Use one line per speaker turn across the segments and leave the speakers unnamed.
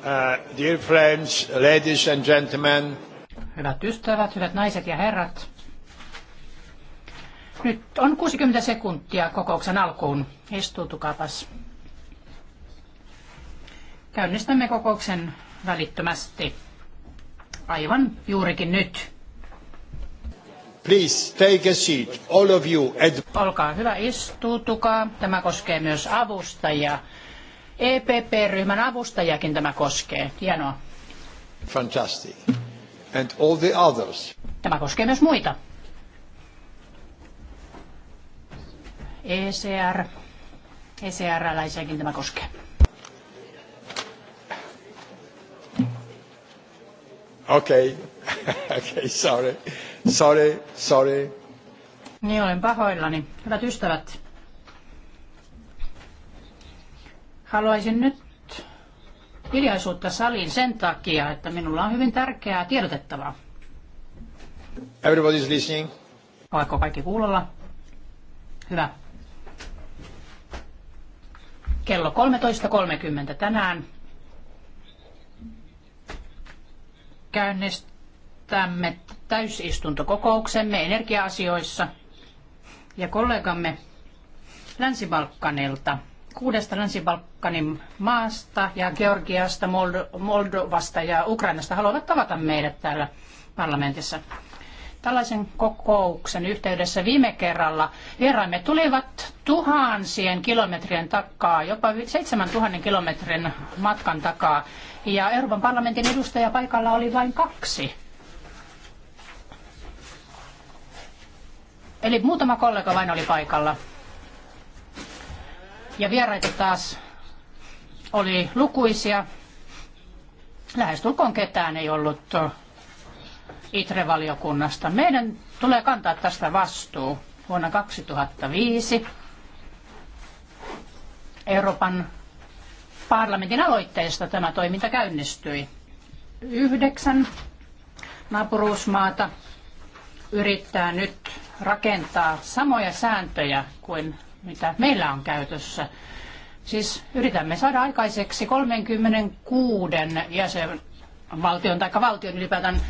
Uh, dear friends, ladies and gentlemen.
Hyvät ystävät, hyvät naiset ja herrat. Nyt on 60 sekuntia kokouksen alkuun. Istuutukapas. Käynnistämme kokouksen välittömästi. Aivan juurikin nyt.
Please take a seat, all of you. Olkaa
hyvä, istuutukaa. Tämä koskee myös avustajia. EPP-ryhmän avustajakin tämä koskee. Hienoa.
Fantastic. And all the others.
Tämä koskee myös muita. ECR. ECR-läisiäkin tämä koskee.
Okei. Okay. okay, sorry. Sorry, sorry.
Niin olen pahoillani. Hyvät ystävät, Haluaisin nyt hiljaisuutta saliin sen takia, että minulla on hyvin tärkeää tiedotettavaa.
Everybody's listening.
Oletko kaikki kuulolla? Hyvä. Kello 13.30 tänään käynnistämme täysistuntokokouksemme energiaasioissa ja kollegamme Länsi-Balkanilta – kuudesta Länsi-Balkanin maasta ja Georgiasta, Moldovasta ja Ukrainasta haluavat tavata meidät täällä parlamentissa. Tällaisen kokouksen yhteydessä viime kerralla vieraimme tulivat tuhansien kilometrien takaa, jopa 7000 kilometrin matkan takaa. Ja Euroopan parlamentin edustaja paikalla oli vain kaksi. Eli muutama kollega vain oli paikalla ja vieraita taas oli lukuisia. Lähestulkoon ketään ei ollut ITRE-valiokunnasta. Meidän tulee kantaa tästä vastuu vuonna 2005 Euroopan parlamentin aloitteesta tämä toiminta käynnistyi. Yhdeksän naapuruusmaata yrittää nyt rakentaa samoja sääntöjä kuin mitä meillä on käytössä. Siis yritämme saada aikaiseksi 36 jäsenvaltion tai valtion ylipäätään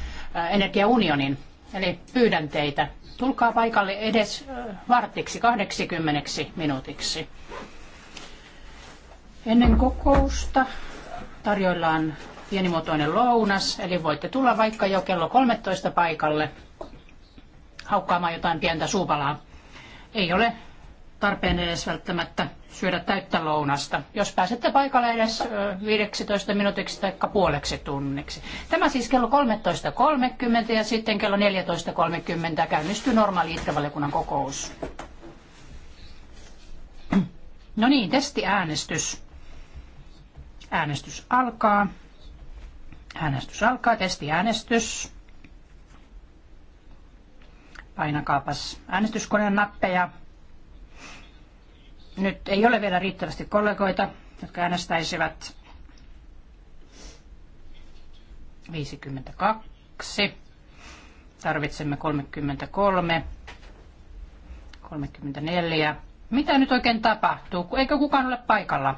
energiaunionin. Eli pyydän teitä, tulkaa paikalle edes vartiksi 80 minuutiksi. Ennen kokousta tarjoillaan pienimuotoinen lounas, eli voitte tulla vaikka jo kello 13 paikalle haukkaamaan jotain pientä suupalaa. Ei ole tarpeen edes välttämättä syödä täyttä lounasta, jos pääsette paikalle edes 15 minuutiksi tai puoleksi tunniksi. Tämä siis kello 13.30 ja sitten kello 14.30 käynnistyy normaali itsevaliokunnan kokous. No niin, testiäänestys. Äänestys alkaa. Äänestys alkaa, testiäänestys. Painakaapas äänestyskoneen nappeja. Nyt ei ole vielä riittävästi kollegoita, jotka äänestäisivät 52. Tarvitsemme 33, 34. Mitä nyt oikein tapahtuu? Eikö kukaan ole paikalla?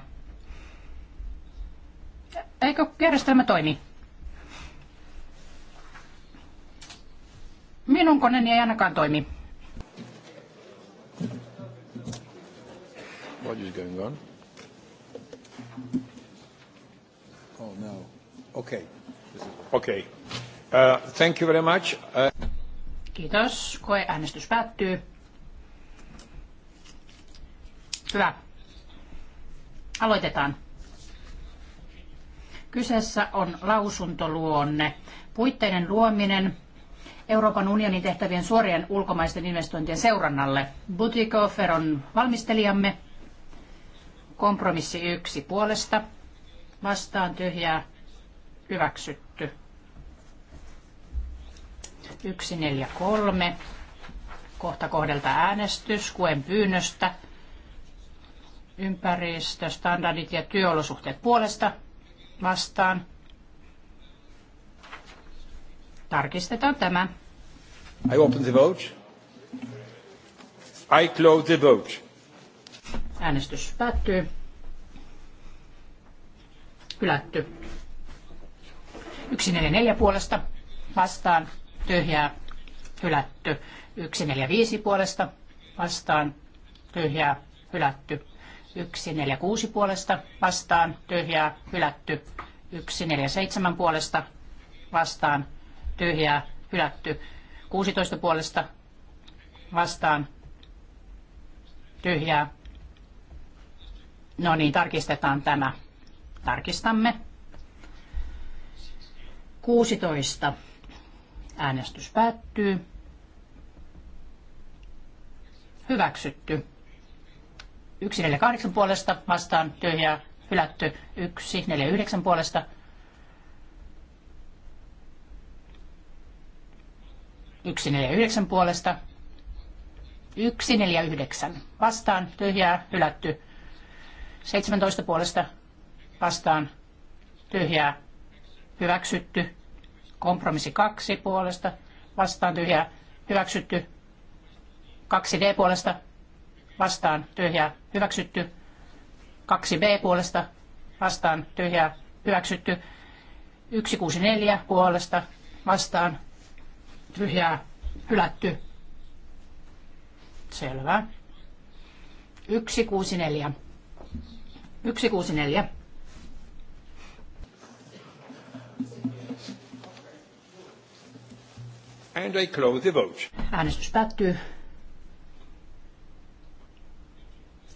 Eikö järjestelmä toimi? Minun koneeni ei ainakaan toimi.
what is going on? Oh, no. Okay. Okay. Uh, thank you very much. Uh...
Kiitos. Koeäänestys päättyy. Hyvä. Aloitetaan. Kyseessä on lausuntoluonne. Puitteiden luominen Euroopan unionin tehtävien suorien ulkomaisten investointien seurannalle. Butikofer on valmistelijamme. Kompromissi yksi puolesta. Vastaan tyhjää. Hyväksytty. kolme Kohta kohdelta äänestys kuen pyynnöstä. Ympäristö, standardit ja työolosuhteet puolesta vastaan. Tarkistetaan tämä.
I open the vote. I close the vote.
Äänestys päättyy. Hylätty. 144 puolesta vastaan tyhjää hylätty. 145 puolesta vastaan tyhjää hylätty. 146 puolesta vastaan tyhjää hylätty. 147 puolesta vastaan tyhjää hylätty. 16 puolesta vastaan tyhjää No niin, tarkistetaan tämä. Tarkistamme. 16. Äänestys päättyy. Hyväksytty. 148 puolesta vastaan tyhjää hylätty. 149 puolesta yksi neljä yhdeksän puolesta. yksi neljä yhdeksän vastaan tyhjää hylätty. 17 puolesta vastaan tyhjää hyväksytty. Kompromissi 2 puolesta vastaan tyhjää hyväksytty. 2D puolesta vastaan tyhjää hyväksytty. 2B puolesta vastaan tyhjää hyväksytty. 164 puolesta vastaan tyhjää hylätty. Selvä. 164. 164.
And I close the vote.
Äänestys päättyy.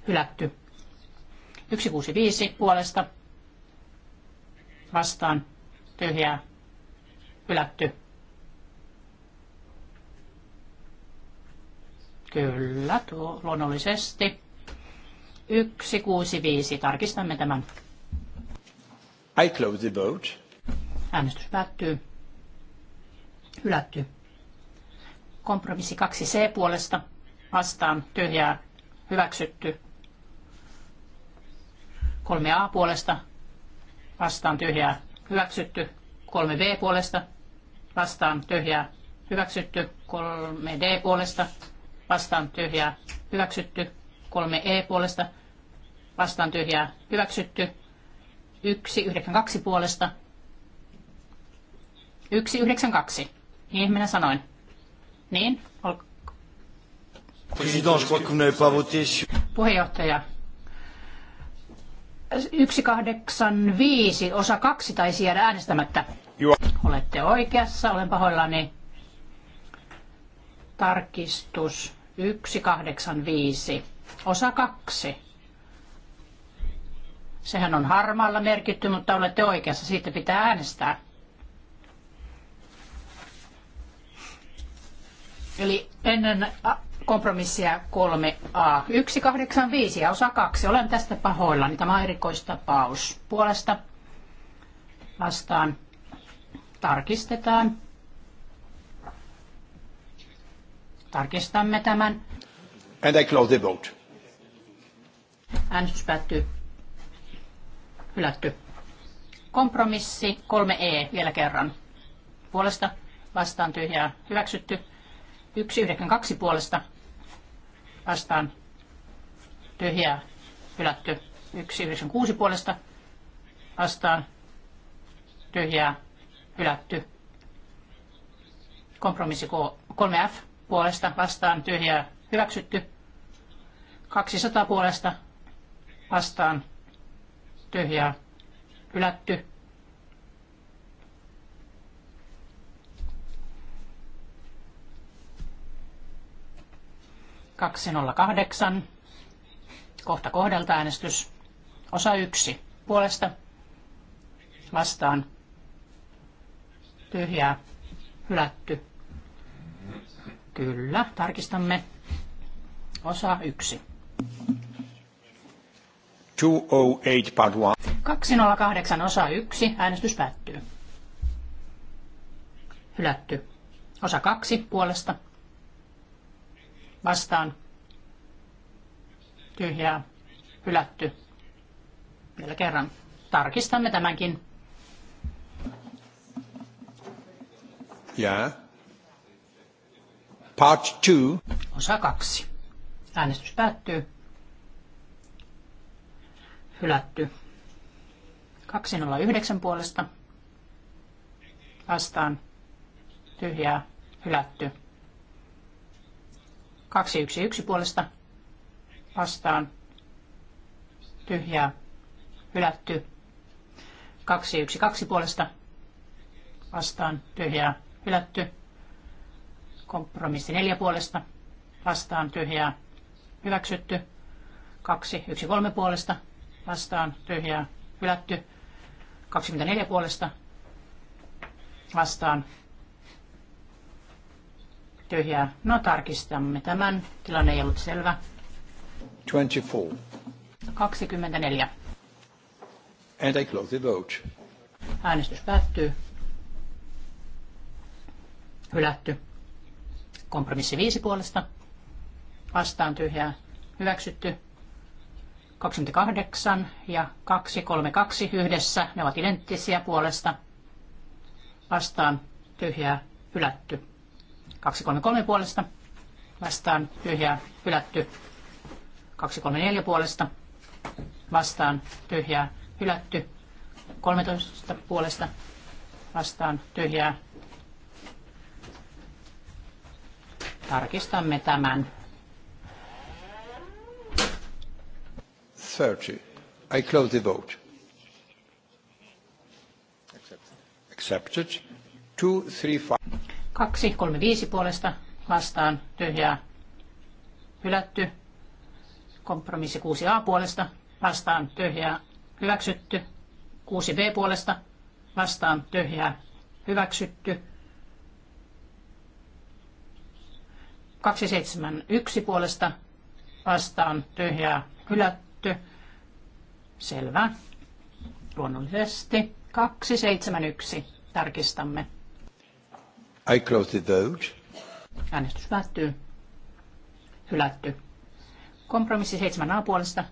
Hylätty. 165 puolesta. Vastaan. Tyhjää. Hylätty. Kyllä, tuo luonnollisesti. 165. Tarkistamme tämän.
I close the vote.
Äänestys päättyy. Hylätty. Kompromissi 2C puolesta. Vastaan. Tyhjää. Hyväksytty. 3A puolesta. Vastaan. Tyhjää. Hyväksytty. 3B puolesta. Vastaan. Tyhjää. Hyväksytty. 3D puolesta. Vastaan. Tyhjää. Hyväksytty. 3 E puolesta vastaan tyhjää hyväksytty. 1, 9, 2 puolesta. 1, 9, 2. Niin minä sanoin. Niin, ol...
President, je crois
Puheenjohtaja. 185 osa 2 taisi jäädä äänestämättä. Olette oikeassa, olen pahoillani. Tarkistus 185. Osa kaksi. Sehän on harmaalla merkitty, mutta olette oikeassa. Siitä pitää äänestää. Eli ennen kompromissia 3a. 185 ja osa 2. Olen tästä pahoilla Tämä on erikoistapaus. Puolesta vastaan tarkistetaan. Tarkistamme tämän.
And I close the vote.
Äänestys päättyy. Hylätty. Kompromissi 3E e vielä kerran. Puolesta vastaan tyhjää hyväksytty. 192 puolesta vastaan tyhjää hylätty. 196 puolesta vastaan tyhjää hylätty. Kompromissi 3F puolesta vastaan tyhjää hyväksytty. 200 puolesta vastaan tyhjää hylätty. Kaksi nolla kahdeksan. Kohta kohdalta äänestys. Osa yksi. Puolesta vastaan tyhjää hylätty. Kyllä, tarkistamme. Osa yksi.
208 part 1.
208 osa 1. Äänestys päättyy. Hylätty. Osa 2 puolesta. Vastaan. Tyhjää. Hylätty. Vielä kerran. Tarkistamme tämänkin. Yeah. Part 2. Osa 2. Äänestys päättyy hylätty. 209 puolesta vastaan tyhjää hylätty. 211 puolesta vastaan tyhjää hylätty. 212 puolesta vastaan tyhjää hylätty. Kompromissi 4 puolesta vastaan tyhjää hyväksytty. 213 puolesta vastaan tyhjää hylätty. 24 puolesta vastaan tyhjää. No tarkistamme tämän. Tilanne ei ollut selvä.
24.
24.
And I close the vote.
Äänestys päättyy. Hylätty. Kompromissi viisi puolesta. Vastaan tyhjää. Hyväksytty. 28 ja 232 yhdessä. Ne ovat identtisiä puolesta. Vastaan tyhjää hylätty. 233 puolesta. Vastaan tyhjää hylätty. 234 puolesta. Vastaan tyhjää hylätty. 13 puolesta. Vastaan tyhjää. Tarkistamme tämän.
30. I close the vote. Accepted.
235 puolesta vastaan tyhjää hylätty. Kompromissi 6a puolesta vastaan tyhjää hyväksytty. 6b puolesta vastaan tyhjää hyväksytty. 271 puolesta vastaan tyhjää hylätty. Hylätty. Selvä. Luonnollisesti. 271. Tarkistamme.
I close the vote.
Äänestys päättyy. Hylätty. Kompromissi 7 a puolesta.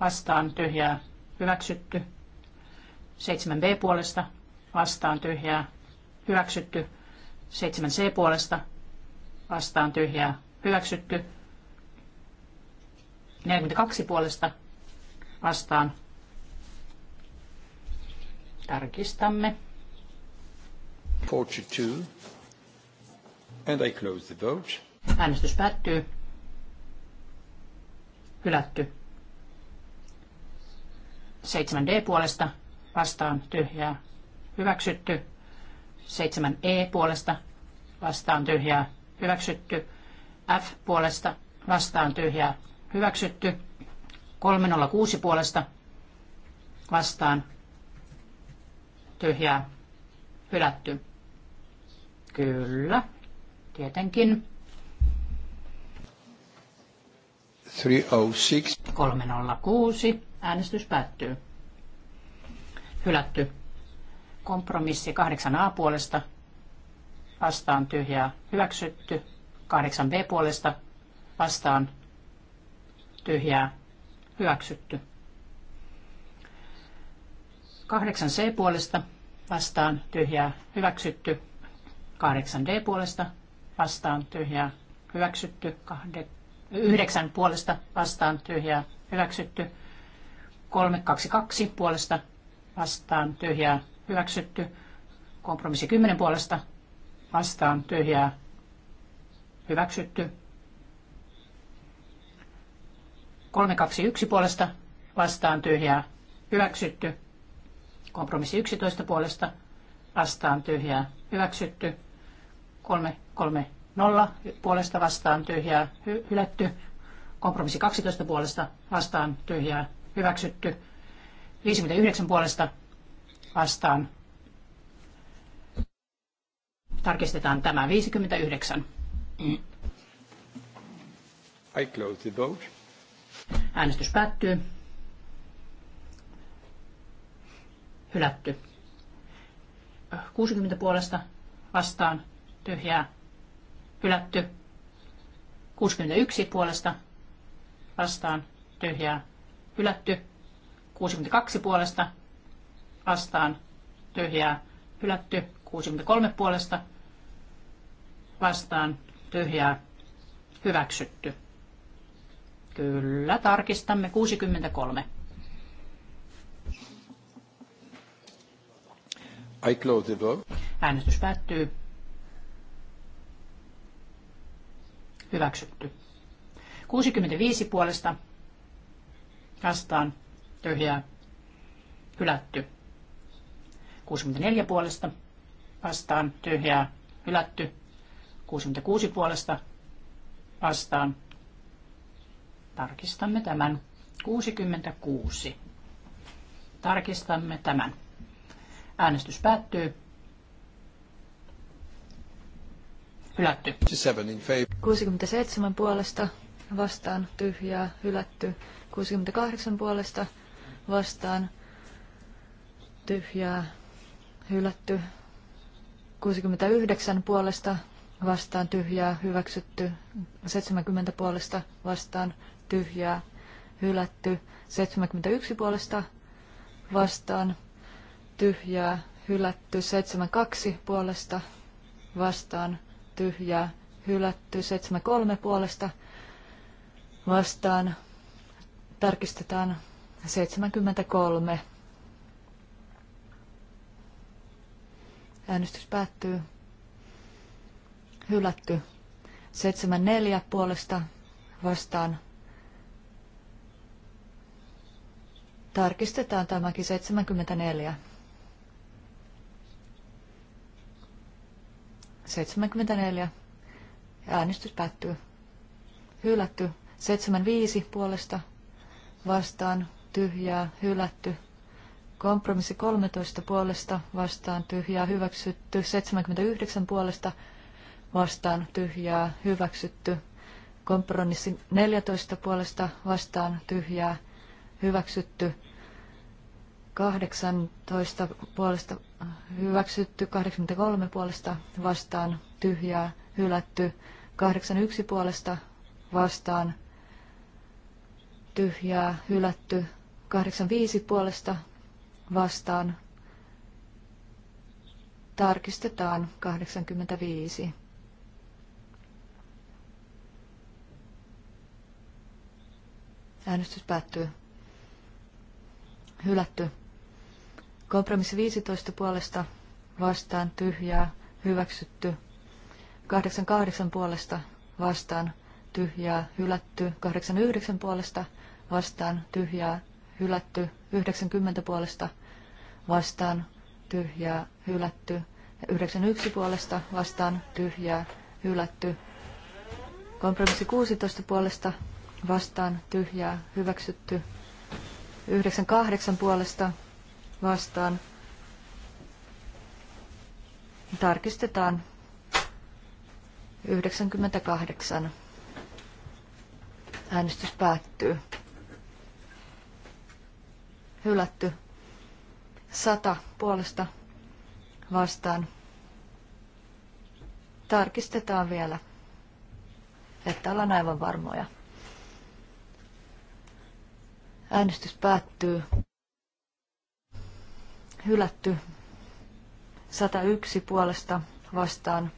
Vastaan tyhjää. Hyväksytty. 7b puolesta. Vastaan tyhjää. Hyväksytty. 7c puolesta. Vastaan tyhjää. Hyväksytty. 42 puolesta vastaan. Tarkistamme.
42. And I close the vote.
Äänestys päättyy. Hylätty. 7D puolesta vastaan tyhjää. Hyväksytty. 7E puolesta vastaan tyhjää. Hyväksytty. F puolesta vastaan tyhjää Hyväksytty. 306 puolesta vastaan. Tyhjää. Hylätty. Kyllä. Tietenkin.
306.
306. Äänestys päättyy. Hylätty. Kompromissi 8a puolesta. Vastaan tyhjää. Hyväksytty. 8b puolesta. Vastaan tyhjää hyväksytty. 8c puolesta vastaan tyhjää hyväksytty. 8d puolesta vastaan tyhjää hyväksytty. 9 puolesta vastaan tyhjää hyväksytty. 322 puolesta vastaan tyhjää hyväksytty. Kompromissi 10 puolesta vastaan tyhjää hyväksytty. 321 puolesta vastaan tyhjää hyväksytty. Kompromissi 11 puolesta vastaan tyhjää hyväksytty. 330 puolesta vastaan tyhjää hy- hylätty. Kompromissi 12 puolesta vastaan tyhjää hyväksytty. 59 puolesta vastaan. Tarkistetaan tämä 59.
I close the vote.
Äänestys päättyy. Hylätty. 60 puolesta vastaan tyhjää. Hylätty. 61 puolesta vastaan tyhjää. Hylätty. 62 puolesta vastaan tyhjää. Hylätty. 63 puolesta vastaan tyhjää. Hyväksytty. Kyllä, tarkistamme 63.
I close the vote.
Äänestys päättyy. Hyväksytty. 65 puolesta vastaan tyhjää hylätty. 64 puolesta vastaan tyhjää hylätty. 66 puolesta vastaan Tarkistamme tämän. 66. Tarkistamme tämän. Äänestys päättyy.
Hylätty. 67 puolesta vastaan tyhjää, hylätty. 68 puolesta vastaan tyhjää, hylätty. 69 puolesta vastaan tyhjää, hyväksytty. 70 puolesta vastaan tyhjää, hylätty. 71 puolesta vastaan, tyhjää, hylätty. 72 puolesta vastaan, tyhjää, hylätty. 73 puolesta vastaan, tarkistetaan 73. Äänestys päättyy. Hylätty. 74 puolesta vastaan Tarkistetaan tämäkin 74. 74. Äänestys päättyy. Hylätty. 75 puolesta vastaan tyhjää, hylätty. Kompromissi 13 puolesta vastaan tyhjää, hyväksytty. 79 puolesta vastaan tyhjää, hyväksytty. Kompromissi 14 puolesta vastaan tyhjää, hyväksytty. 18 puolesta hyväksytty, 83 puolesta vastaan tyhjää, hylätty, 81 puolesta vastaan tyhjää, hylätty, 85 puolesta vastaan tarkistetaan 85. Äänestys päättyy hylätty. Kompromissi 15 puolesta vastaan tyhjää hyväksytty. 88 puolesta vastaan tyhjää hylätty. 89 puolesta vastaan tyhjää hylätty. 90 puolesta vastaan tyhjää hylätty. 91 puolesta vastaan tyhjää hylätty. Kompromissi 16 puolesta vastaan tyhjää hyväksytty. 98 puolesta vastaan. Tarkistetaan 98. Äänestys päättyy. Hylätty. 100 puolesta vastaan. Tarkistetaan vielä, että ollaan aivan varmoja. Äänestys päättyy. Hylätty. 101 puolesta vastaan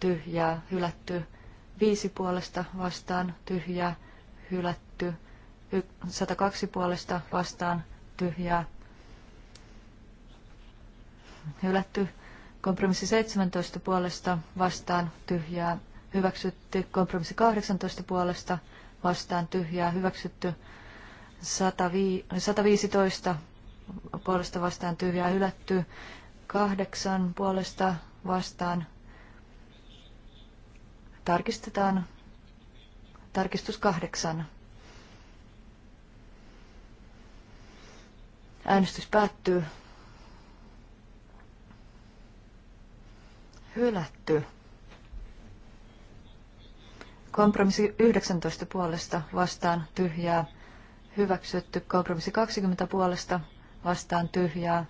tyhjää, hylätty. 5 puolesta vastaan tyhjää, hylätty. 102 puolesta vastaan tyhjää, hylätty. Kompromissi 17 puolesta vastaan tyhjää, hyväksytty. Kompromissi 18 puolesta vastaan tyhjää, hyväksytty. 115 puolesta vastaan tyhjää hylätty, 8 puolesta vastaan tarkistetaan tarkistus 8. Äänestys päättyy. Hylätty. Kompromissi 19 puolesta vastaan tyhjää Hyväksytty kompromissi 20 puolesta vastaan tyhjää.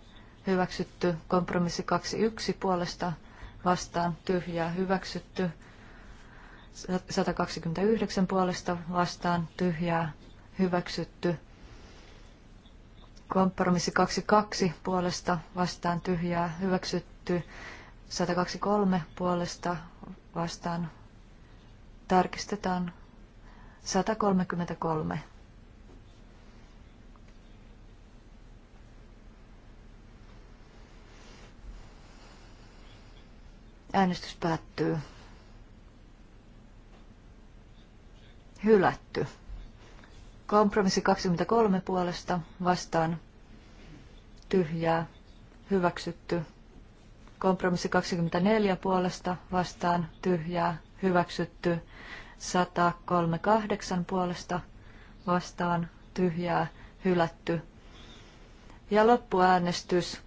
Hyväksytty kompromissi 21 puolesta vastaan tyhjää. Hyväksytty 129 puolesta vastaan tyhjää. Hyväksytty kompromissi 22 puolesta vastaan tyhjää. Hyväksytty 123 puolesta vastaan tarkistetaan 133. Äänestys päättyy. Hylätty. Kompromissi 23 puolesta vastaan tyhjää hyväksytty. Kompromissi 24 puolesta vastaan tyhjää hyväksytty. 138 puolesta vastaan tyhjää hylätty. Ja loppuäänestys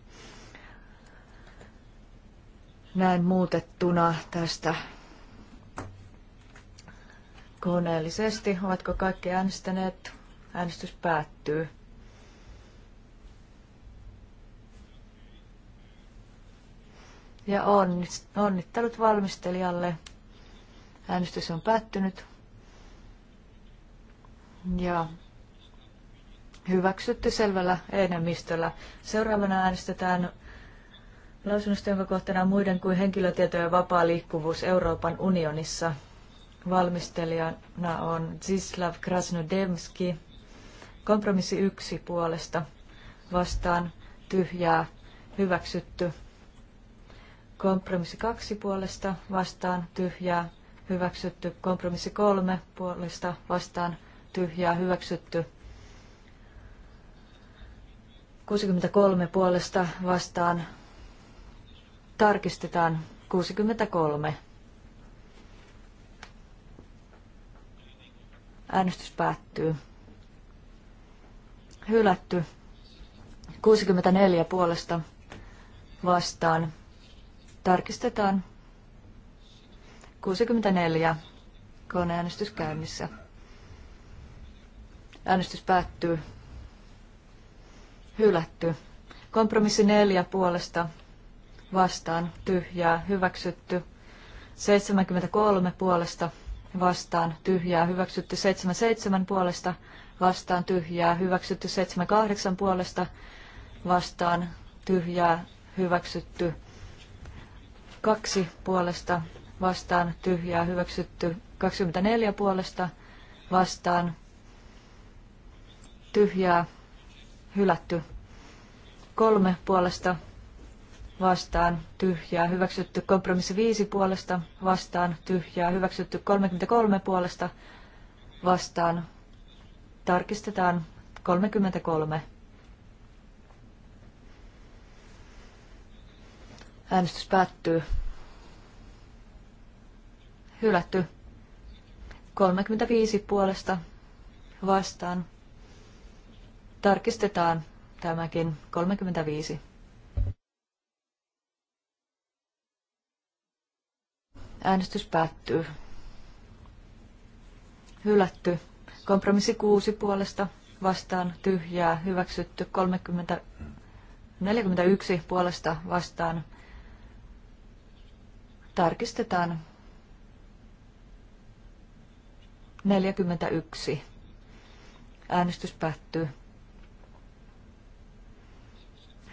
näin muutettuna tästä koneellisesti. Ovatko kaikki äänestäneet? Äänestys päättyy. Ja onnittelut valmistelijalle. Äänestys on päättynyt. Ja hyväksytty selvällä enemmistöllä. Seuraavana äänestetään lausunnosta, jonka kohteena on muiden kuin henkilötietojen vapaa liikkuvuus Euroopan unionissa. Valmistelijana on Zislav Krasnodemski. Kompromissi yksi puolesta vastaan tyhjää hyväksytty. Kompromissi kaksi puolesta vastaan tyhjää hyväksytty. Kompromissi kolme puolesta vastaan tyhjää hyväksytty. 63 puolesta vastaan Tarkistetaan 63. Äänestys päättyy. Hylätty. 64 puolesta vastaan. Tarkistetaan. 64. Koneäänestys käynnissä. Äänestys päättyy. Hylätty. Kompromissi neljä puolesta vastaan tyhjää hyväksytty. 73 puolesta vastaan tyhjää hyväksytty. 77 puolesta vastaan tyhjää hyväksytty. 78 puolesta vastaan tyhjää hyväksytty. kaksi puolesta vastaan tyhjää hyväksytty. 24 puolesta vastaan tyhjää hylätty. kolme puolesta vastaan tyhjää, hyväksytty kompromissi 5 puolesta vastaan tyhjää, hyväksytty 33 puolesta vastaan. Tarkistetaan 33. Äänestys päättyy. Hylätty. 35 puolesta vastaan. Tarkistetaan tämäkin 35. Äänestys päättyy. Hylätty. Kompromissi kuusi puolesta vastaan tyhjää. Hyväksytty 30, 41 puolesta vastaan. Tarkistetaan 41. Äänestys päättyy.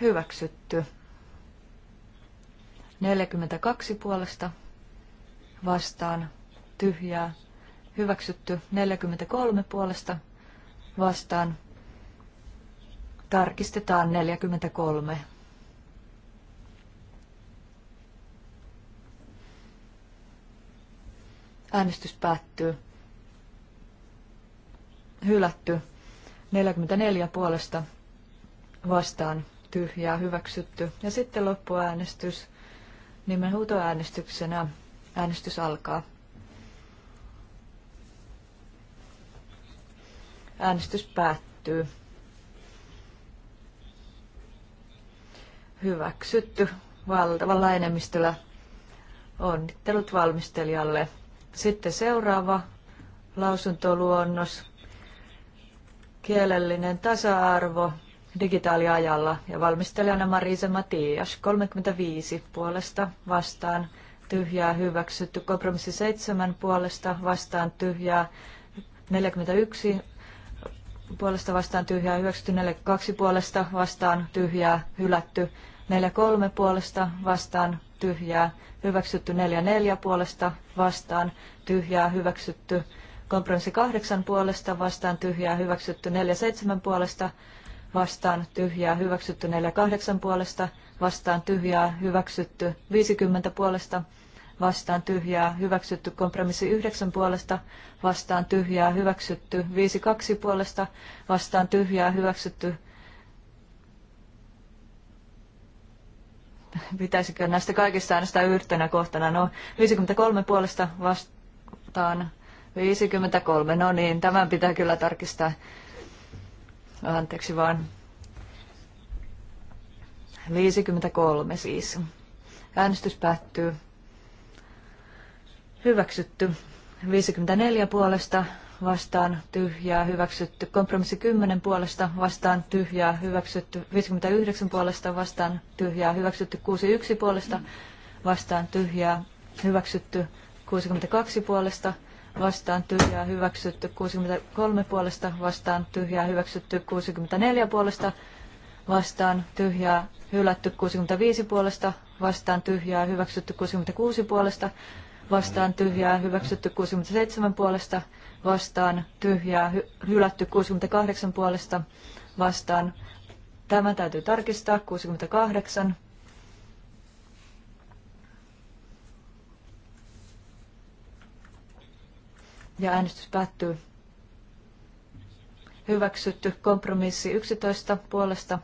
Hyväksytty. 42 puolesta vastaan tyhjää. Hyväksytty 43 puolesta vastaan. Tarkistetaan 43. Äänestys päättyy. Hylätty 44 puolesta vastaan tyhjää hyväksytty. Ja sitten loppuäänestys nimenhuutoäänestyksenä. Äänestys alkaa. Äänestys päättyy. Hyväksytty valtavalla enemmistöllä. Onnittelut valmistelijalle. Sitten seuraava lausuntoluonnos. Kielellinen tasa-arvo digitaaliajalla ja valmistelijana Marise Matias 35 puolesta vastaan tyhjää hyväksytty. Kompromissi seitsemän puolesta vastaan tyhjää 41 puolesta vastaan tyhjää hyväksytty, 42 puolesta vastaan tyhjää hylätty, 43 puolesta vastaan tyhjää hyväksytty, 44 puolesta vastaan tyhjää hyväksytty, kompromissi 8 puolesta vastaan tyhjää hyväksytty, 47 puolesta vastaan tyhjää hyväksytty, 48 puolesta vastaan tyhjää hyväksytty, 50 puolesta vastaan tyhjää hyväksytty. Kompromissi 9 puolesta vastaan tyhjää hyväksytty. kaksi puolesta vastaan tyhjää hyväksytty. Pitäisikö näistä kaikista äänestää yhtenä kohtana? No, 53 puolesta vastaan 53. No niin, tämän pitää kyllä tarkistaa. Anteeksi vaan. 53 siis. Äänestys päättyy. Hyväksytty. 54 puolesta vastaan tyhjää hyväksytty. Kompromissi 10 puolesta vastaan tyhjää hyväksytty. 59 puolesta vastaan tyhjää hyväksytty. 61 puolesta vastaan tyhjää hyväksytty. 62 puolesta vastaan tyhjää hyväksytty. 63 puolesta vastaan tyhjää hyväksytty. 64 puolesta vastaan tyhjää hylätty. 65 puolesta vastaan tyhjää hyväksytty. 66 puolesta vastaan, tyhjää, vastaan tyhjää, hyväksytty 67 puolesta vastaan tyhjää, hy- hylätty 68 puolesta vastaan. Tämä täytyy tarkistaa, 68. Ja äänestys päättyy. Hyväksytty kompromissi 11 puolesta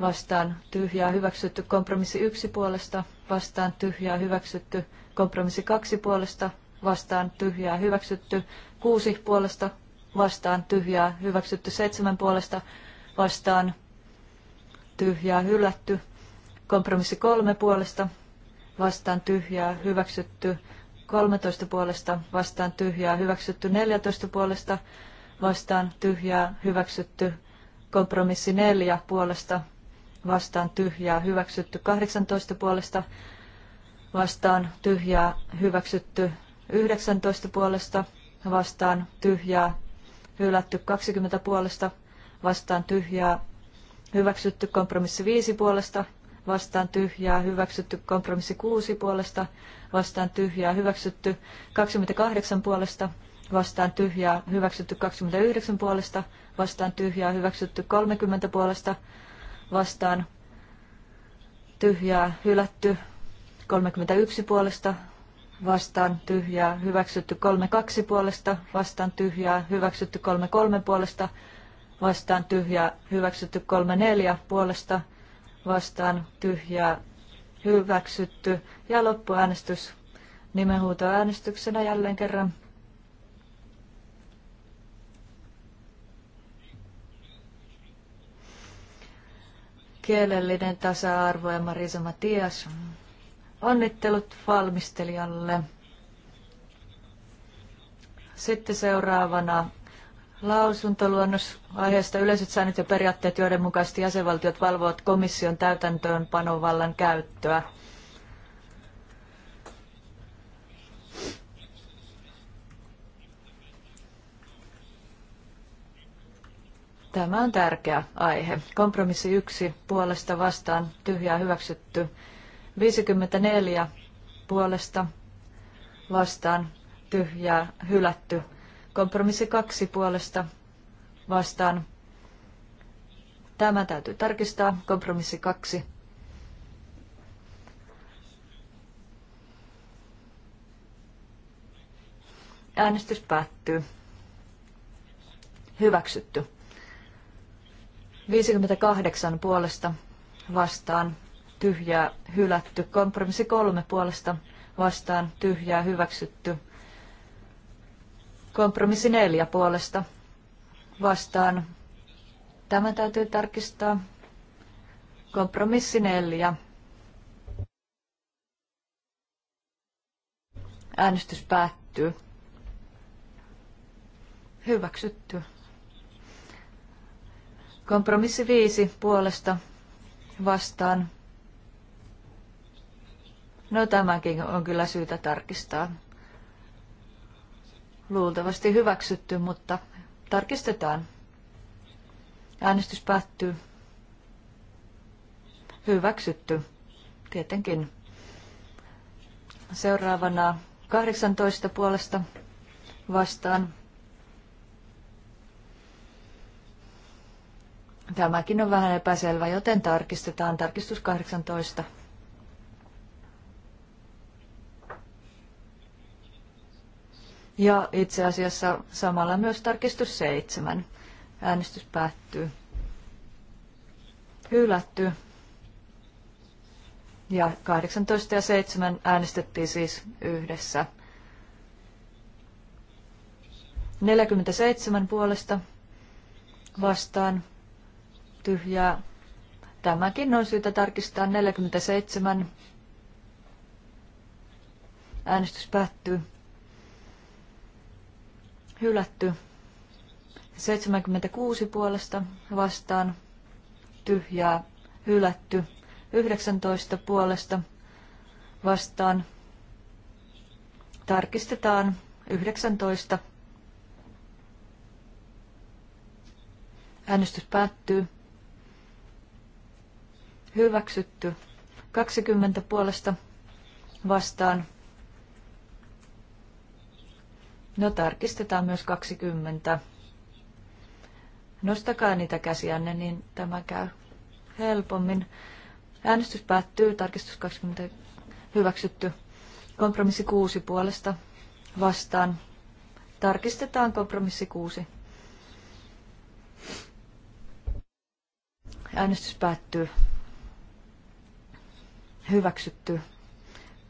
vastaan tyhjää hyväksytty kompromissi yksi puolesta, vastaan tyhjää hyväksytty kompromissi kaksi puolesta, vastaan tyhjää hyväksytty kuusi puolesta, vastaan tyhjää hyväksytty seitsemän puolesta, vastaan tyhjää hylätty kompromissi kolme puolesta, vastaan tyhjää hyväksytty 13 puolesta, vastaan tyhjää hyväksytty 14 puolesta, vastaan tyhjää hyväksytty kompromissi neljä puolesta, vastaan tyhjää hyväksytty 18 puolesta vastaan tyhjää hyväksytty 19 puolesta vastaan tyhjää hylätty 20 puolesta vastaan tyhjää hyväksytty kompromissi 5 puolesta vastaan tyhjää hyväksytty kompromissi 6 puolesta vastaan tyhjää hyväksytty 28 puolesta vastaan tyhjää hyväksytty 29 puolesta vastaan tyhjää hyväksytty 30 puolesta vastaan tyhjää hylätty, 31 puolesta vastaan tyhjää hyväksytty, 32 puolesta vastaan tyhjää hyväksytty, 33 puolesta vastaan tyhjää hyväksytty, 34 puolesta vastaan tyhjää hyväksytty ja loppuäänestys nimenhuutoäänestyksenä jälleen kerran. kielellinen tasa-arvo ja Marisa Matias. Onnittelut valmistelijalle. Sitten seuraavana lausuntoluonnos aiheesta yleiset säännöt ja periaatteet, joiden mukaisesti jäsenvaltiot valvovat komission täytäntöönpanovallan käyttöä. Tämä on tärkeä aihe. Kompromissi yksi puolesta vastaan tyhjää hyväksytty. 54 puolesta vastaan tyhjää hylätty. Kompromissi kaksi puolesta vastaan. Tämä täytyy tarkistaa. Kompromissi kaksi. Äänestys päättyy. Hyväksytty. 58 puolesta vastaan tyhjää hylätty. Kompromissi kolme puolesta vastaan tyhjää hyväksytty. Kompromissi neljä puolesta vastaan. Tämä täytyy tarkistaa. Kompromissi neljä. Äänestys päättyy. Hyväksytty. Kompromissi viisi puolesta vastaan. No tämäkin on kyllä syytä tarkistaa. Luultavasti hyväksytty, mutta tarkistetaan. Äänestys päättyy. Hyväksytty, tietenkin. Seuraavana 18 puolesta vastaan Tämäkin on vähän epäselvä, joten tarkistetaan. Tarkistus 18. Ja itse asiassa samalla myös tarkistus 7. Äänestys päättyy. Hylätty. Ja 18 ja 7 äänestettiin siis yhdessä. 47 puolesta vastaan tyhjää. Tämäkin on syytä tarkistaa 47. Äänestys päättyy. Hylätty. 76 puolesta vastaan tyhjää hylätty. 19 puolesta vastaan tarkistetaan 19. Äänestys päättyy. Hyväksytty. 20 puolesta vastaan. No tarkistetaan myös 20. Nostakaa niitä käsiänne, niin tämä käy helpommin. Äänestys päättyy, tarkistus 20 hyväksytty. Kompromissi 6 puolesta vastaan. Tarkistetaan kompromissi 6. Äänestys päättyy hyväksytty.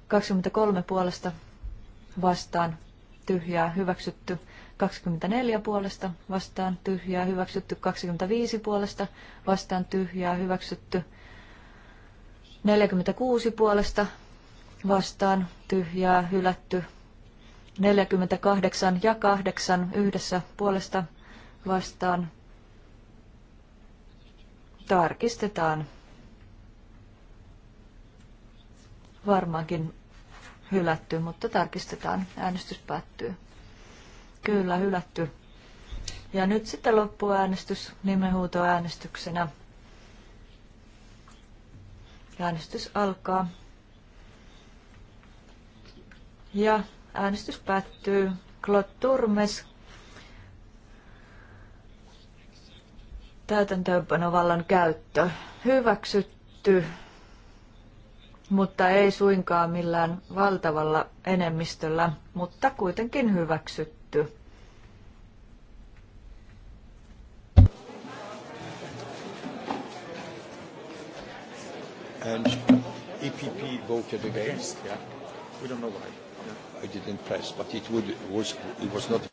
23 puolesta vastaan tyhjää hyväksytty. 24 puolesta vastaan tyhjää hyväksytty. 25 puolesta vastaan tyhjää hyväksytty. 46 puolesta vastaan tyhjää hylätty. 48 ja 8 yhdessä puolesta vastaan tarkistetaan. varmaankin hylätty, mutta tarkistetaan. Äänestys päättyy. Kyllä, hylätty. Ja nyt sitten loppuäänestys nimenhuutoäänestyksenä. Äänestys alkaa. Ja äänestys päättyy. Claude Turmes täytäntöönpanovallan käyttö hyväksytty mutta ei suinkaan millään valtavalla enemmistöllä, mutta kuitenkin hyväksytty.
And EPP voted against. Yeah. We don't know why. Yeah. I didn't press, but it would was it was not.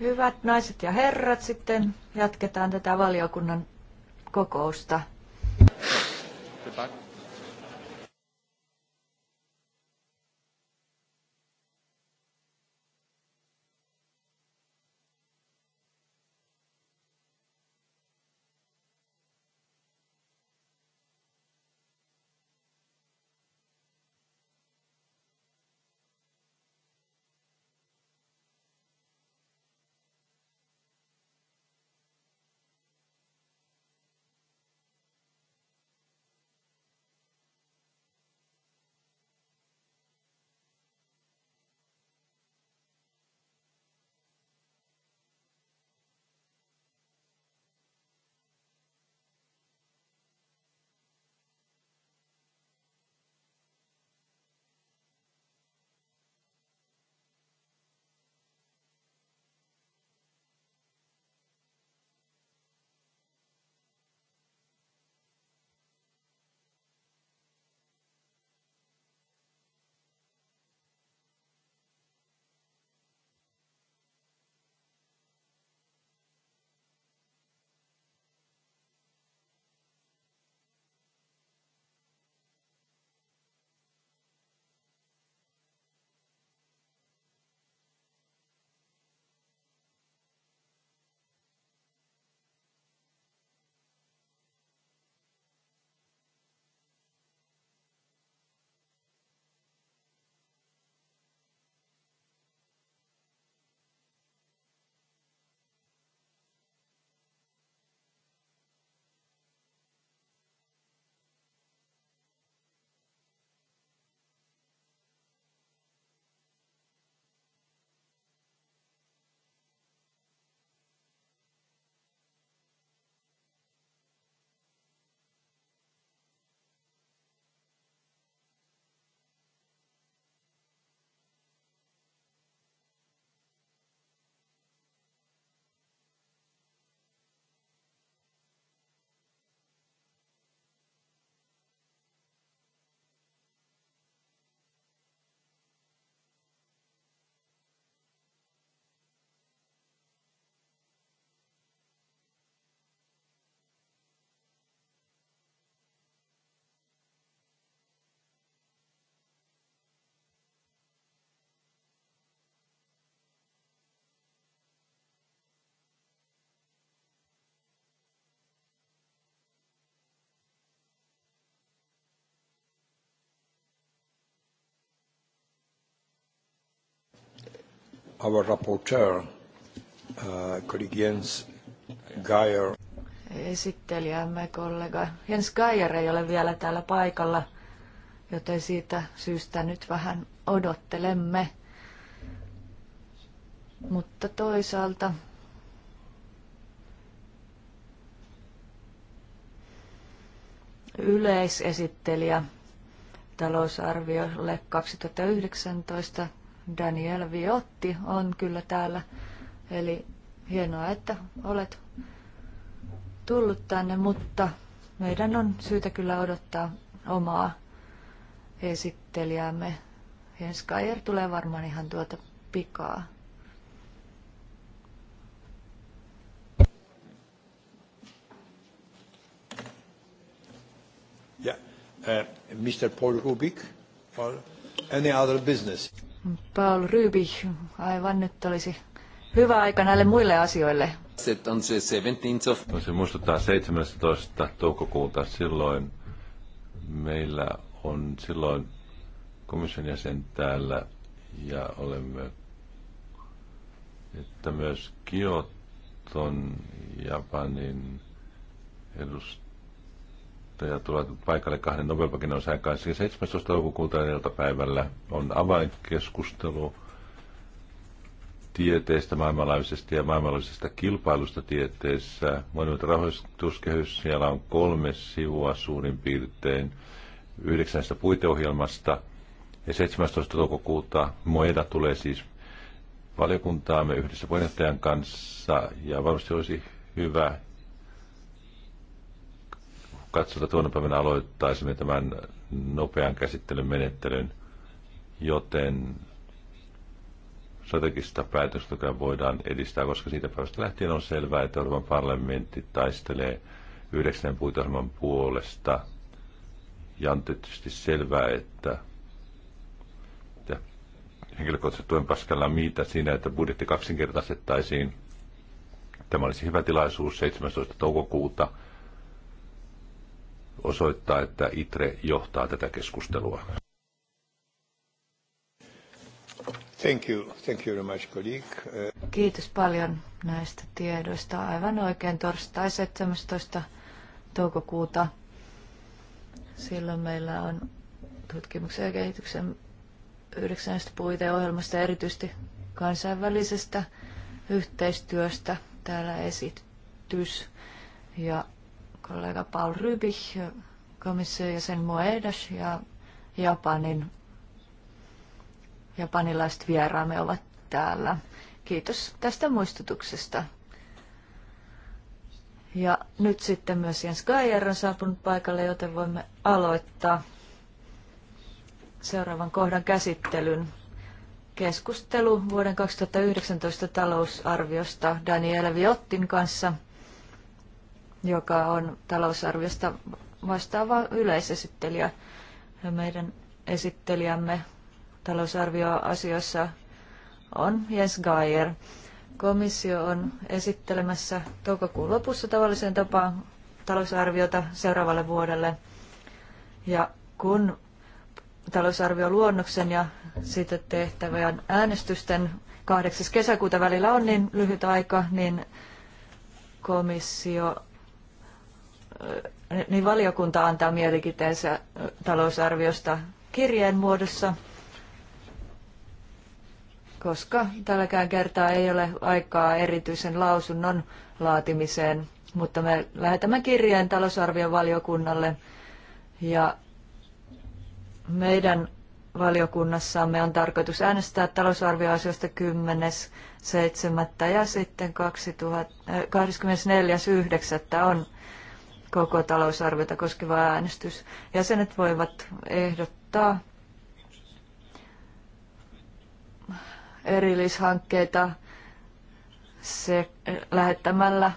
Hyvät naiset ja herrat, sitten jatketaan tätä valiokunnan kokousta.
our rapporteur, uh, colleague Jens Geier.
Esittelijämme kollega Jens Geier ei ole vielä täällä paikalla, joten siitä syystä nyt vähän odottelemme. Mutta toisaalta yleisesittelijä talousarviolle 2019 Daniel Viotti on kyllä täällä. Eli hienoa, että olet tullut tänne, mutta meidän on syytä kyllä odottaa omaa esittelijäämme. Jens Kajer tulee varmaan ihan tuota pikaa.
Yeah. Uh, Mr. Paul Rubik or any other business?
Paul Rübich, aivan nyt olisi hyvä aika näille muille asioille.
Se muistuttaa 17. toukokuuta silloin. Meillä on silloin komission jäsen täällä ja olemme että myös Kioton Japanin edustajat ja tulee paikalle kahden kanssa. aikaan. 17. Siis toukokuuta iltapäivällä on avainkeskustelu tieteestä maailmanlaajuisesti ja maailmanlaajuisesta kilpailusta tieteessä. Monet rahoituskehys, siellä on kolme sivua suurin piirtein yhdeksästä puiteohjelmasta. Ja 17. toukokuuta Moeda tulee siis valiokuntaamme yhdessä puheenjohtajan kanssa ja varmasti olisi hyvä, katsotaan tuona päivänä aloittaisimme tämän nopean käsittelyn menettelyn, joten strategista päätöstä voidaan edistää, koska siitä päivästä lähtien on selvää, että Euroopan parlamentti taistelee yhdeksän puitohjelman puolesta. Ja on tietysti selvää, että henkilökohtaisesti tuen Paskalla mitä siinä, että budjetti kaksinkertaisettaisiin. Tämä olisi hyvä tilaisuus 17. toukokuuta – osoittaa, että ITRE johtaa tätä keskustelua. Thank you. Thank you very much, colleague. Uh,
Kiitos paljon näistä tiedoista. Aivan oikein torstai 17. toukokuuta. Silloin meillä on tutkimuksen ja kehityksen yhdeksännestä puiteohjelmasta erityisesti kansainvälisestä yhteistyöstä täällä esitys. Ja kollega Paul Rybich, komission jäsen Moedas ja Japanin, japanilaiset vieraamme ovat täällä. Kiitos tästä muistutuksesta. Ja nyt sitten myös Jens Geijer on saapunut paikalle, joten voimme aloittaa seuraavan kohdan käsittelyn. Keskustelu vuoden 2019 talousarviosta Daniela Viottin kanssa – joka on talousarviosta vastaava yleisesittelijä. Ja meidän esittelijämme talousarvioasioissa on Jens Geier. Komissio on esittelemässä toukokuun lopussa tavalliseen tapaan talousarviota seuraavalle vuodelle. Ja kun talousarvioluonnoksen ja siitä tehtävän äänestysten 8. kesäkuuta välillä on niin lyhyt aika, niin komissio niin valiokunta antaa mielipiteensä talousarviosta kirjeen muodossa, koska tälläkään kertaa ei ole aikaa erityisen lausunnon laatimiseen, mutta me lähetämme kirjeen talousarvion valiokunnalle ja meidän valiokunnassamme on tarkoitus äänestää talousarvioasioista 10.7. ja sitten 24.9. Äh, on koko talousarviota koskeva äänestys. Jäsenet voivat ehdottaa erillishankkeita se, eh, lähettämällä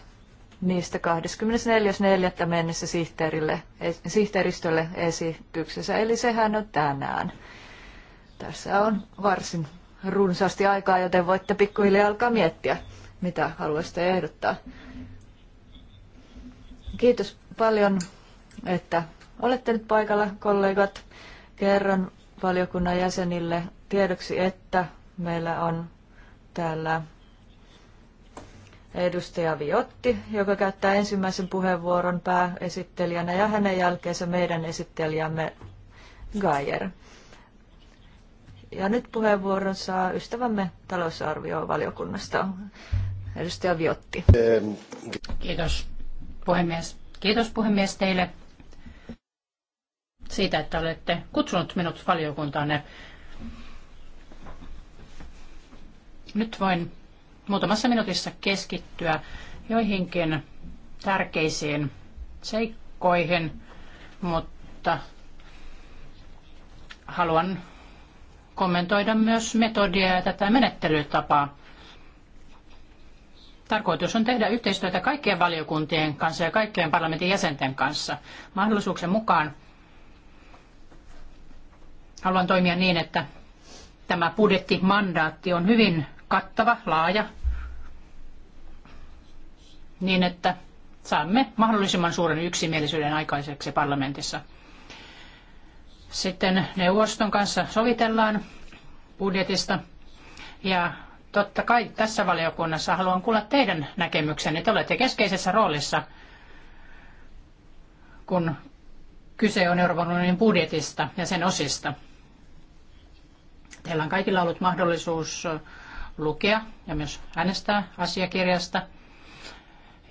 niistä 24.4. mennessä sihteerille, sihteeristölle esityksessä, eli sehän on tänään. Tässä on varsin runsaasti aikaa, joten voitte pikkuhiljaa alkaa miettiä, mitä haluaisitte ehdottaa. Kiitos paljon, että olette nyt paikalla, kollegat. Kerron valiokunnan jäsenille tiedoksi, että meillä on täällä edustaja Viotti, joka käyttää ensimmäisen puheenvuoron pääesittelijänä ja hänen jälkeensä meidän esittelijämme Gaier. Ja nyt puheenvuoron saa ystävämme talousarviovaliokunnasta, edustaja Viotti. Kiitos puhemies.
Kiitos puhemies teille siitä, että olette kutsunut minut valiokuntaanne. Nyt voin muutamassa minuutissa keskittyä joihinkin tärkeisiin seikkoihin, mutta haluan kommentoida myös metodia ja tätä menettelytapaa. Tarkoitus on tehdä yhteistyötä kaikkien valiokuntien kanssa ja kaikkien parlamentin jäsenten kanssa. Mahdollisuuksien mukaan haluan toimia niin, että tämä budjettimandaatti on hyvin kattava, laaja, niin että saamme mahdollisimman suuren yksimielisyyden aikaiseksi parlamentissa. Sitten neuvoston kanssa sovitellaan budjetista ja totta kai tässä valiokunnassa haluan kuulla teidän näkemyksenne. Te olette keskeisessä roolissa, kun kyse on Euroopan unionin budjetista ja sen osista. Teillä on kaikilla ollut mahdollisuus lukea ja myös äänestää asiakirjasta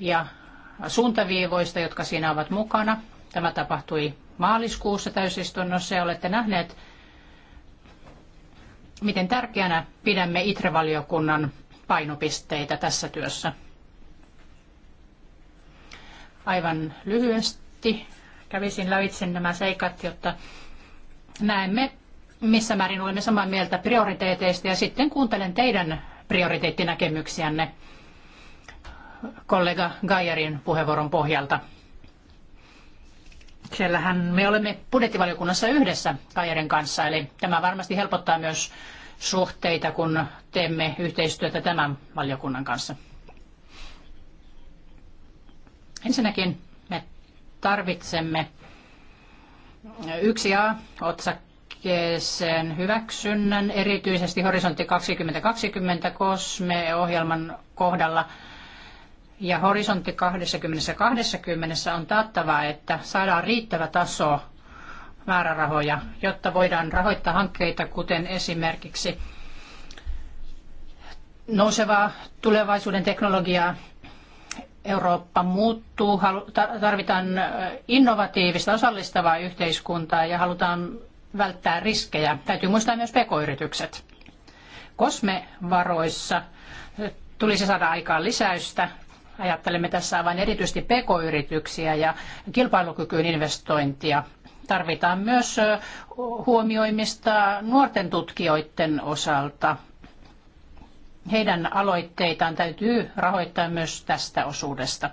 ja suuntaviivoista, jotka siinä ovat mukana. Tämä tapahtui maaliskuussa täysistunnossa ja olette nähneet miten tärkeänä pidämme ITRE-valiokunnan painopisteitä tässä työssä. Aivan lyhyesti kävisin lävitse nämä seikat, jotta näemme, missä määrin olemme samaa mieltä prioriteeteista ja sitten kuuntelen teidän prioriteettinäkemyksiänne kollega Gajarin puheenvuoron pohjalta. Siellähän me olemme budjettivaliokunnassa yhdessä Kajerin kanssa, eli tämä varmasti helpottaa myös suhteita, kun teemme yhteistyötä tämän valiokunnan kanssa. Ensinnäkin me tarvitsemme yksi A otsakkeeseen hyväksynnän, erityisesti Horisontti 2020 kosme ohjelman kohdalla – ja horisontti 2020 on taattava, että saadaan riittävä taso määrärahoja, jotta voidaan rahoittaa hankkeita, kuten esimerkiksi nousevaa tulevaisuuden teknologiaa. Eurooppa muuttuu, tarvitaan innovatiivista, osallistavaa yhteiskuntaa ja halutaan välttää riskejä. Täytyy muistaa myös pk-yritykset. Kosmevaroissa tulisi saada aikaan lisäystä Ajattelemme tässä aivan erityisesti pk-yrityksiä ja kilpailukykyyn investointia. Tarvitaan myös huomioimista nuorten tutkijoiden osalta. Heidän aloitteitaan täytyy rahoittaa myös tästä osuudesta.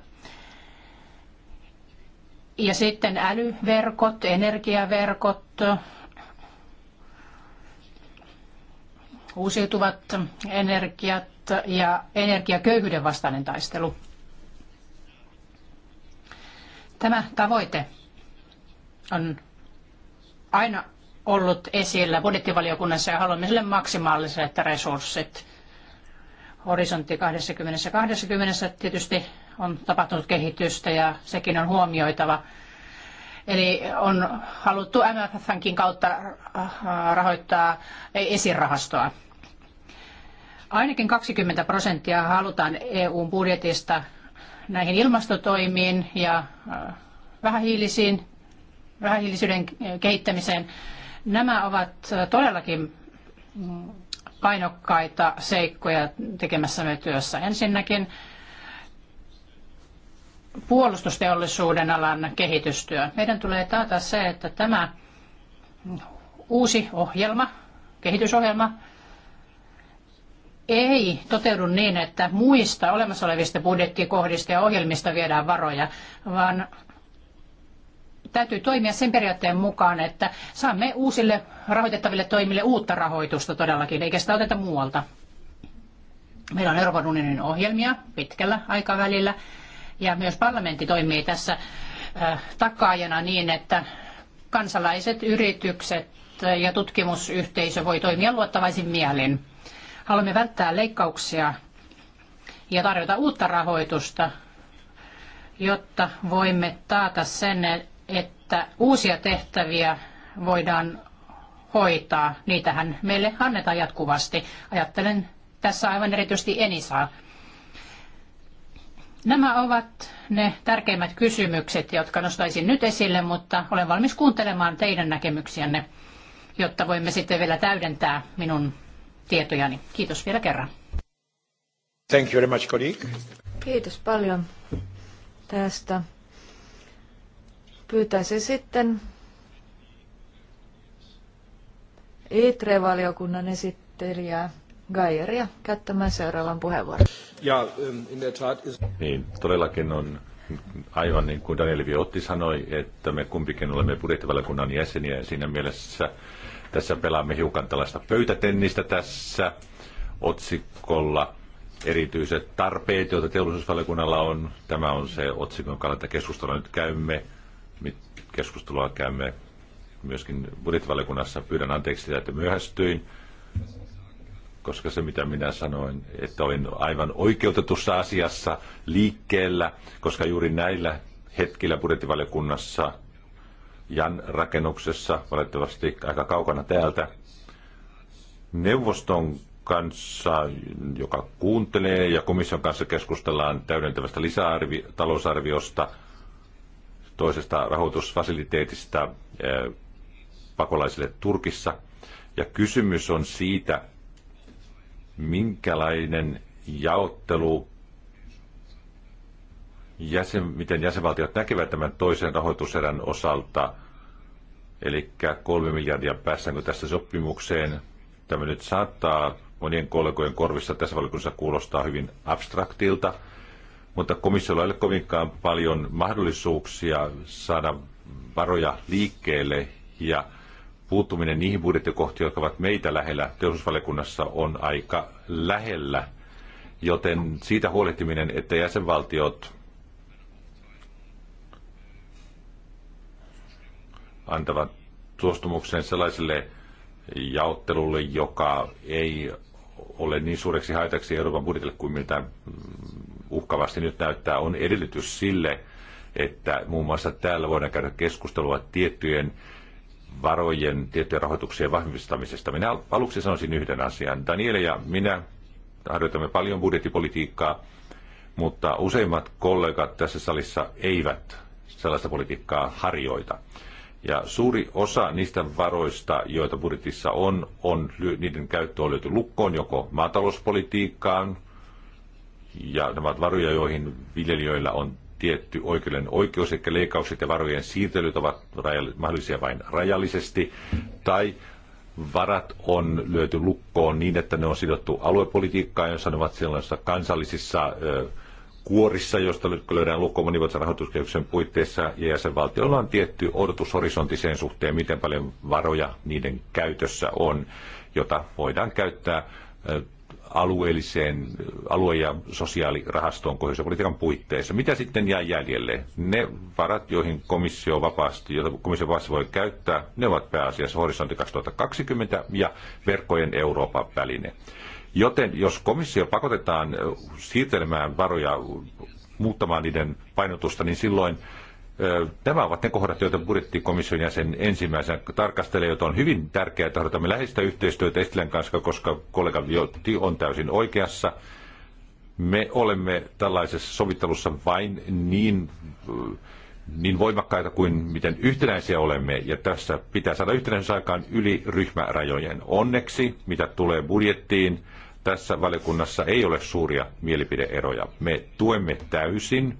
Ja sitten älyverkot, energiaverkot, uusiutuvat energiat ja energiaköyhyyden vastainen taistelu. Tämä tavoite on aina ollut esillä budjettivaliokunnassa ja haluamme sille maksimaaliset resurssit. Horisontti 2020 tietysti on tapahtunut kehitystä ja sekin on huomioitava. Eli on haluttu MFFnkin kautta rahoittaa esirahastoa. Ainakin 20 prosenttia halutaan EUn budjetista näihin ilmastotoimiin ja äh, vähähiilisiin, vähähiilisyyden kehittämiseen. Nämä ovat äh, todellakin mm, painokkaita seikkoja tekemässämme työssä. Ensinnäkin puolustusteollisuuden alan kehitystyö. Meidän tulee taata se, että tämä uusi ohjelma, kehitysohjelma, ei toteudu niin, että muista olemassa olevista budjettikohdista ja ohjelmista viedään varoja, vaan täytyy toimia sen periaatteen mukaan, että saamme uusille rahoitettaville toimille uutta rahoitusta todellakin, eikä sitä oteta muualta. Meillä on Euroopan unionin ohjelmia pitkällä aikavälillä ja myös parlamentti toimii tässä takaajana niin, että kansalaiset, yritykset ja tutkimusyhteisö voi toimia luottavaisin mielin. Haluamme välttää leikkauksia ja tarjota uutta rahoitusta, jotta voimme taata sen, että uusia tehtäviä voidaan hoitaa. Niitähän meille annetaan jatkuvasti. Ajattelen tässä aivan erityisesti Enisaa. Nämä ovat ne tärkeimmät kysymykset, jotka nostaisin nyt esille, mutta olen valmis kuuntelemaan teidän näkemyksiänne, jotta voimme sitten vielä täydentää minun tietojani. Kiitos vielä kerran.
Thank you very much, colleague.
Kiitos paljon tästä. Pyytäisin sitten ITRE-valiokunnan esittelijää Gaieria käyttämään seuraavan puheenvuoron.
Ja, ähm, in Tat is... Niin, todellakin on aivan niin kuin Daniel Viotti sanoi, että me kumpikin olemme budjettivaliokunnan jäseniä ja siinä mielessä tässä pelaamme hiukan tällaista pöytätennistä tässä otsikolla erityiset tarpeet, joita teollisuusvaliokunnalla on. Tämä on se otsikon kannalta keskustelua nyt käymme. Keskustelua käymme myöskin budjettivaliokunnassa. Pyydän anteeksi sitä, että myöhästyin, koska se mitä minä sanoin, että olin aivan oikeutetussa asiassa liikkeellä, koska juuri näillä hetkillä budjettivaliokunnassa Jan rakennuksessa, valitettavasti aika kaukana täältä. Neuvoston kanssa, joka kuuntelee, ja komission kanssa keskustellaan täydentävästä lisätalousarviosta, toisesta rahoitusfasiliteetista eh, pakolaisille Turkissa. Ja kysymys on siitä, minkälainen jaottelu jäsen, miten jäsenvaltiot näkevät tämän toisen rahoituserän osalta, eli kolme miljardia päästäänkö tässä sopimukseen. Tämä nyt saattaa monien kollegojen korvissa tässä valiokunnassa kuulostaa hyvin abstraktilta, mutta komissiolla ei ole kovinkaan paljon mahdollisuuksia saada varoja liikkeelle ja puuttuminen niihin budjettikohtiin, jotka ovat meitä lähellä teollisuusvaliokunnassa, on aika lähellä. Joten siitä huolehtiminen, että jäsenvaltiot antavat suostumuksen sellaiselle jaottelulle, joka ei ole niin suureksi haitaksi Euroopan budjetille kuin miltä mm, uhkavasti nyt näyttää, on edellytys sille, että muun muassa täällä voidaan käydä keskustelua tiettyjen varojen, tiettyjen rahoituksien vahvistamisesta. Minä aluksi sanoisin yhden asian. Daniel ja minä harjoitamme paljon budjettipolitiikkaa, mutta useimmat kollegat tässä salissa eivät sellaista politiikkaa harjoita. Ja suuri osa niistä varoista, joita budjetissa on, on niiden käyttö on löyty lukkoon joko maatalouspolitiikkaan, ja nämä ovat varoja, joihin viljelijöillä on tietty oikeuden oikeus, eli leikkaukset ja varojen siirtelyt ovat mahdollisia vain rajallisesti, tai varat on löyty lukkoon niin, että ne on sidottu aluepolitiikkaan, jossa ne ovat sellaisissa kansallisissa kuorissa, josta löydään lukko monivuotisen rahoituskehyksen puitteissa, ja jäsenvaltioilla on tietty odotushorisontti sen suhteen, miten paljon varoja niiden käytössä on, jota voidaan käyttää alueelliseen, alue- ja sosiaalirahastoon politiikan puitteissa. Mitä sitten jää jäljelle? Ne varat, joihin komissio vapaasti, joita komissio vapaasti voi käyttää, ne ovat pääasiassa horisontti 2020 ja verkkojen Euroopan väline. Joten jos komissio pakotetaan siirtelemään varoja muuttamaan niiden painotusta, niin silloin Nämä ovat ne kohdat, joita budjettikomission jäsen ensimmäisenä tarkastelee, joita on hyvin tärkeää, että odotamme läheistä yhteistyötä Estilän kanssa, koska kollega Viotti on täysin oikeassa. Me olemme tällaisessa sovittelussa vain niin, niin voimakkaita kuin miten yhtenäisiä olemme, ja tässä pitää saada yhtenäisyys aikaan yli ryhmärajojen. Onneksi, mitä tulee budjettiin, tässä valiokunnassa ei ole suuria mielipideeroja. Me tuemme täysin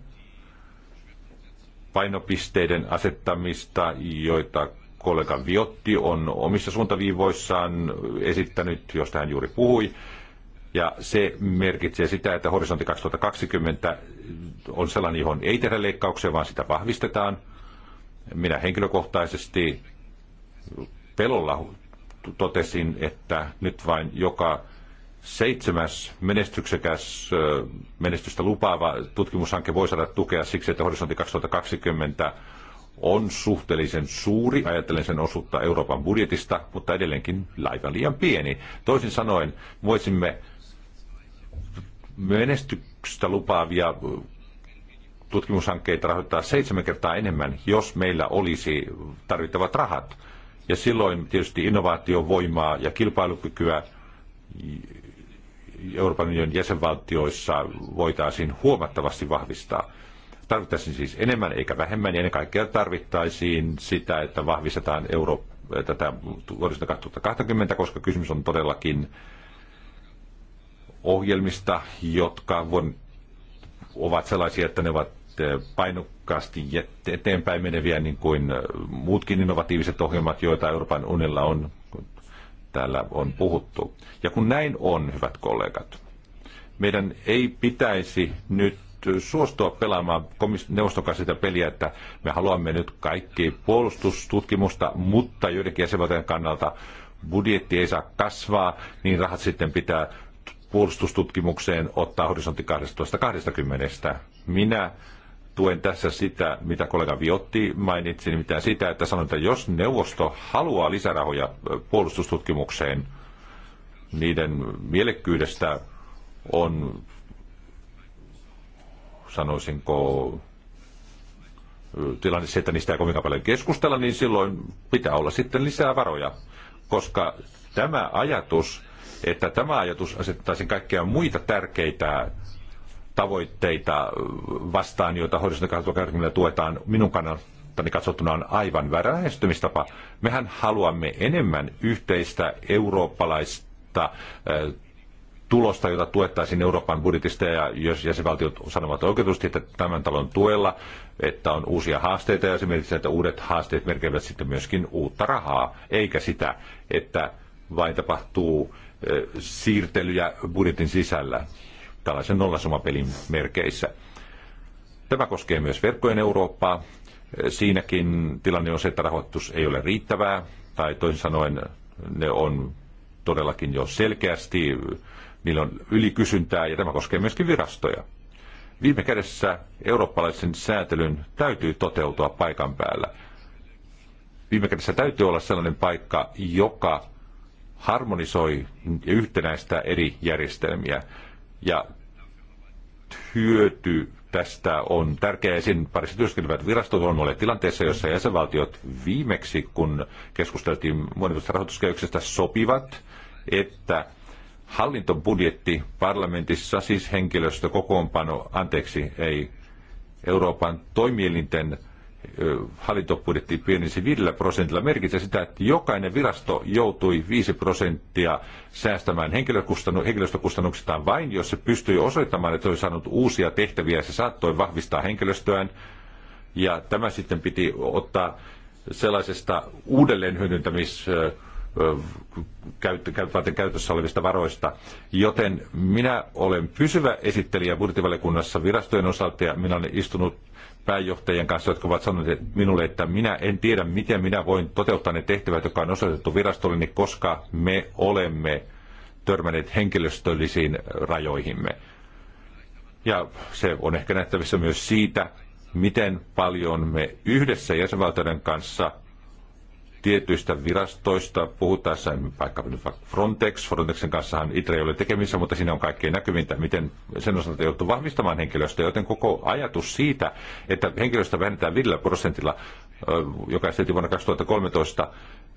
painopisteiden asettamista, joita kollega Viotti on omissa suuntaviivoissaan esittänyt, josta hän juuri puhui. Ja se merkitsee sitä, että horisontti 2020 on sellainen, johon ei tehdä leikkauksia, vaan sitä vahvistetaan. Minä henkilökohtaisesti pelolla totesin, että nyt vain joka Seitsemäs menestyksekäs, menestystä lupaava tutkimushanke voi saada tukea siksi, että horisontti 2020 on suhteellisen suuri, ajatellen sen osuutta Euroopan budjetista, mutta edelleenkin laivan liian pieni. Toisin sanoen, voisimme menestyksestä lupaavia tutkimushankkeita rahoittaa seitsemän kertaa enemmän, jos meillä olisi tarvittavat rahat. Ja silloin tietysti innovaatiovoimaa ja kilpailukykyä, Euroopan unionin jäsenvaltioissa voitaisiin huomattavasti vahvistaa. Tarvittaisiin siis enemmän eikä vähemmän, ja ennen kaikkea tarvittaisiin sitä, että vahvistetaan euro, tätä vuodesta 2020, koska kysymys on todellakin ohjelmista, jotka ovat sellaisia, että ne ovat eh, painokkaasti eteenpäin meneviä, niin kuin eh, muutkin innovatiiviset ohjelmat, joita Euroopan unilla on täällä on puhuttu. Ja kun näin on, hyvät kollegat, meidän ei pitäisi nyt suostua pelaamaan neuvoston kanssa sitä peliä, että me haluamme nyt kaikki puolustustutkimusta, mutta joidenkin jäsenvaltojen kannalta budjetti ei saa kasvaa, niin rahat sitten pitää puolustustutkimukseen ottaa horisontti 12.20. Minä tuen tässä sitä, mitä kollega Viotti mainitsi, nimittäin sitä, että sanon, että jos neuvosto haluaa lisärahoja puolustustutkimukseen, niiden mielekkyydestä on, sanoisinko, tilanne se, että niistä ei kovinkaan paljon keskustella, niin silloin pitää olla sitten lisää varoja. Koska tämä ajatus, että tämä ajatus asettaisi kaikkia muita tärkeitä tavoitteita vastaan, joita horisontti 2020 tuetaan minun kannaltani katsottuna on aivan väärä lähestymistapa. Mehän haluamme enemmän yhteistä eurooppalaista äh, tulosta, jota tuettaisiin Euroopan budjetista ja jos jäsenvaltiot sanovat oikeutusti, että tämän talon tuella, että on uusia haasteita ja esimerkiksi, että uudet haasteet merkevät sitten myöskin uutta rahaa, eikä sitä, että vain tapahtuu äh, siirtelyjä budjetin sisällä tällaisen nollasumapelin merkeissä. Tämä koskee myös verkkojen Eurooppaa. Siinäkin tilanne on se, että rahoitus ei ole riittävää, tai toisin sanoen ne on todellakin jo selkeästi, niillä on ylikysyntää, ja tämä koskee myöskin virastoja. Viime kädessä eurooppalaisen säätelyn täytyy toteutua paikan päällä. Viime kädessä täytyy olla sellainen paikka, joka harmonisoi ja yhtenäistää eri järjestelmiä ja hyöty tästä on tärkeä. Esiin parissa työskentelevät virastot ovat olleet tilanteessa, jossa jäsenvaltiot viimeksi, kun keskusteltiin monivuotisesta rahoituskehyksestä, sopivat, että hallintobudjetti parlamentissa, siis henkilöstökokoonpano, anteeksi, ei Euroopan toimielinten hallintobudjetti pienisi 5 prosentilla, merkitsee sitä, että jokainen virasto joutui 5 prosenttia säästämään henkilöstökustannuksistaan vain, jos se pystyi osoittamaan, että oli saanut uusia tehtäviä ja se saattoi vahvistaa henkilöstöään. Ja tämä sitten piti ottaa sellaisesta uudelleenhyödyntämis varten käytössä olevista varoista. Joten minä olen pysyvä esittelijä budjettivaliokunnassa virastojen osalta ja minä olen istunut pääjohtajien kanssa, jotka ovat sanoneet minulle, että minä en tiedä, miten minä voin toteuttaa ne tehtävät, jotka on osoitettu niin koska me olemme törmänneet henkilöstöllisiin rajoihimme. Ja se on ehkä nähtävissä myös siitä, miten paljon me yhdessä jäsenvaltioiden kanssa tietyistä virastoista puhutaan, vaikka Frontex, Frontexin kanssahan ITRE ei ole tekemissä, mutta siinä on kaikkein näkyvintä, miten sen osalta joutuu vahvistamaan henkilöstöä, joten koko ajatus siitä, että henkilöstä vähennetään 5 prosentilla, joka esitettiin vuonna 2013,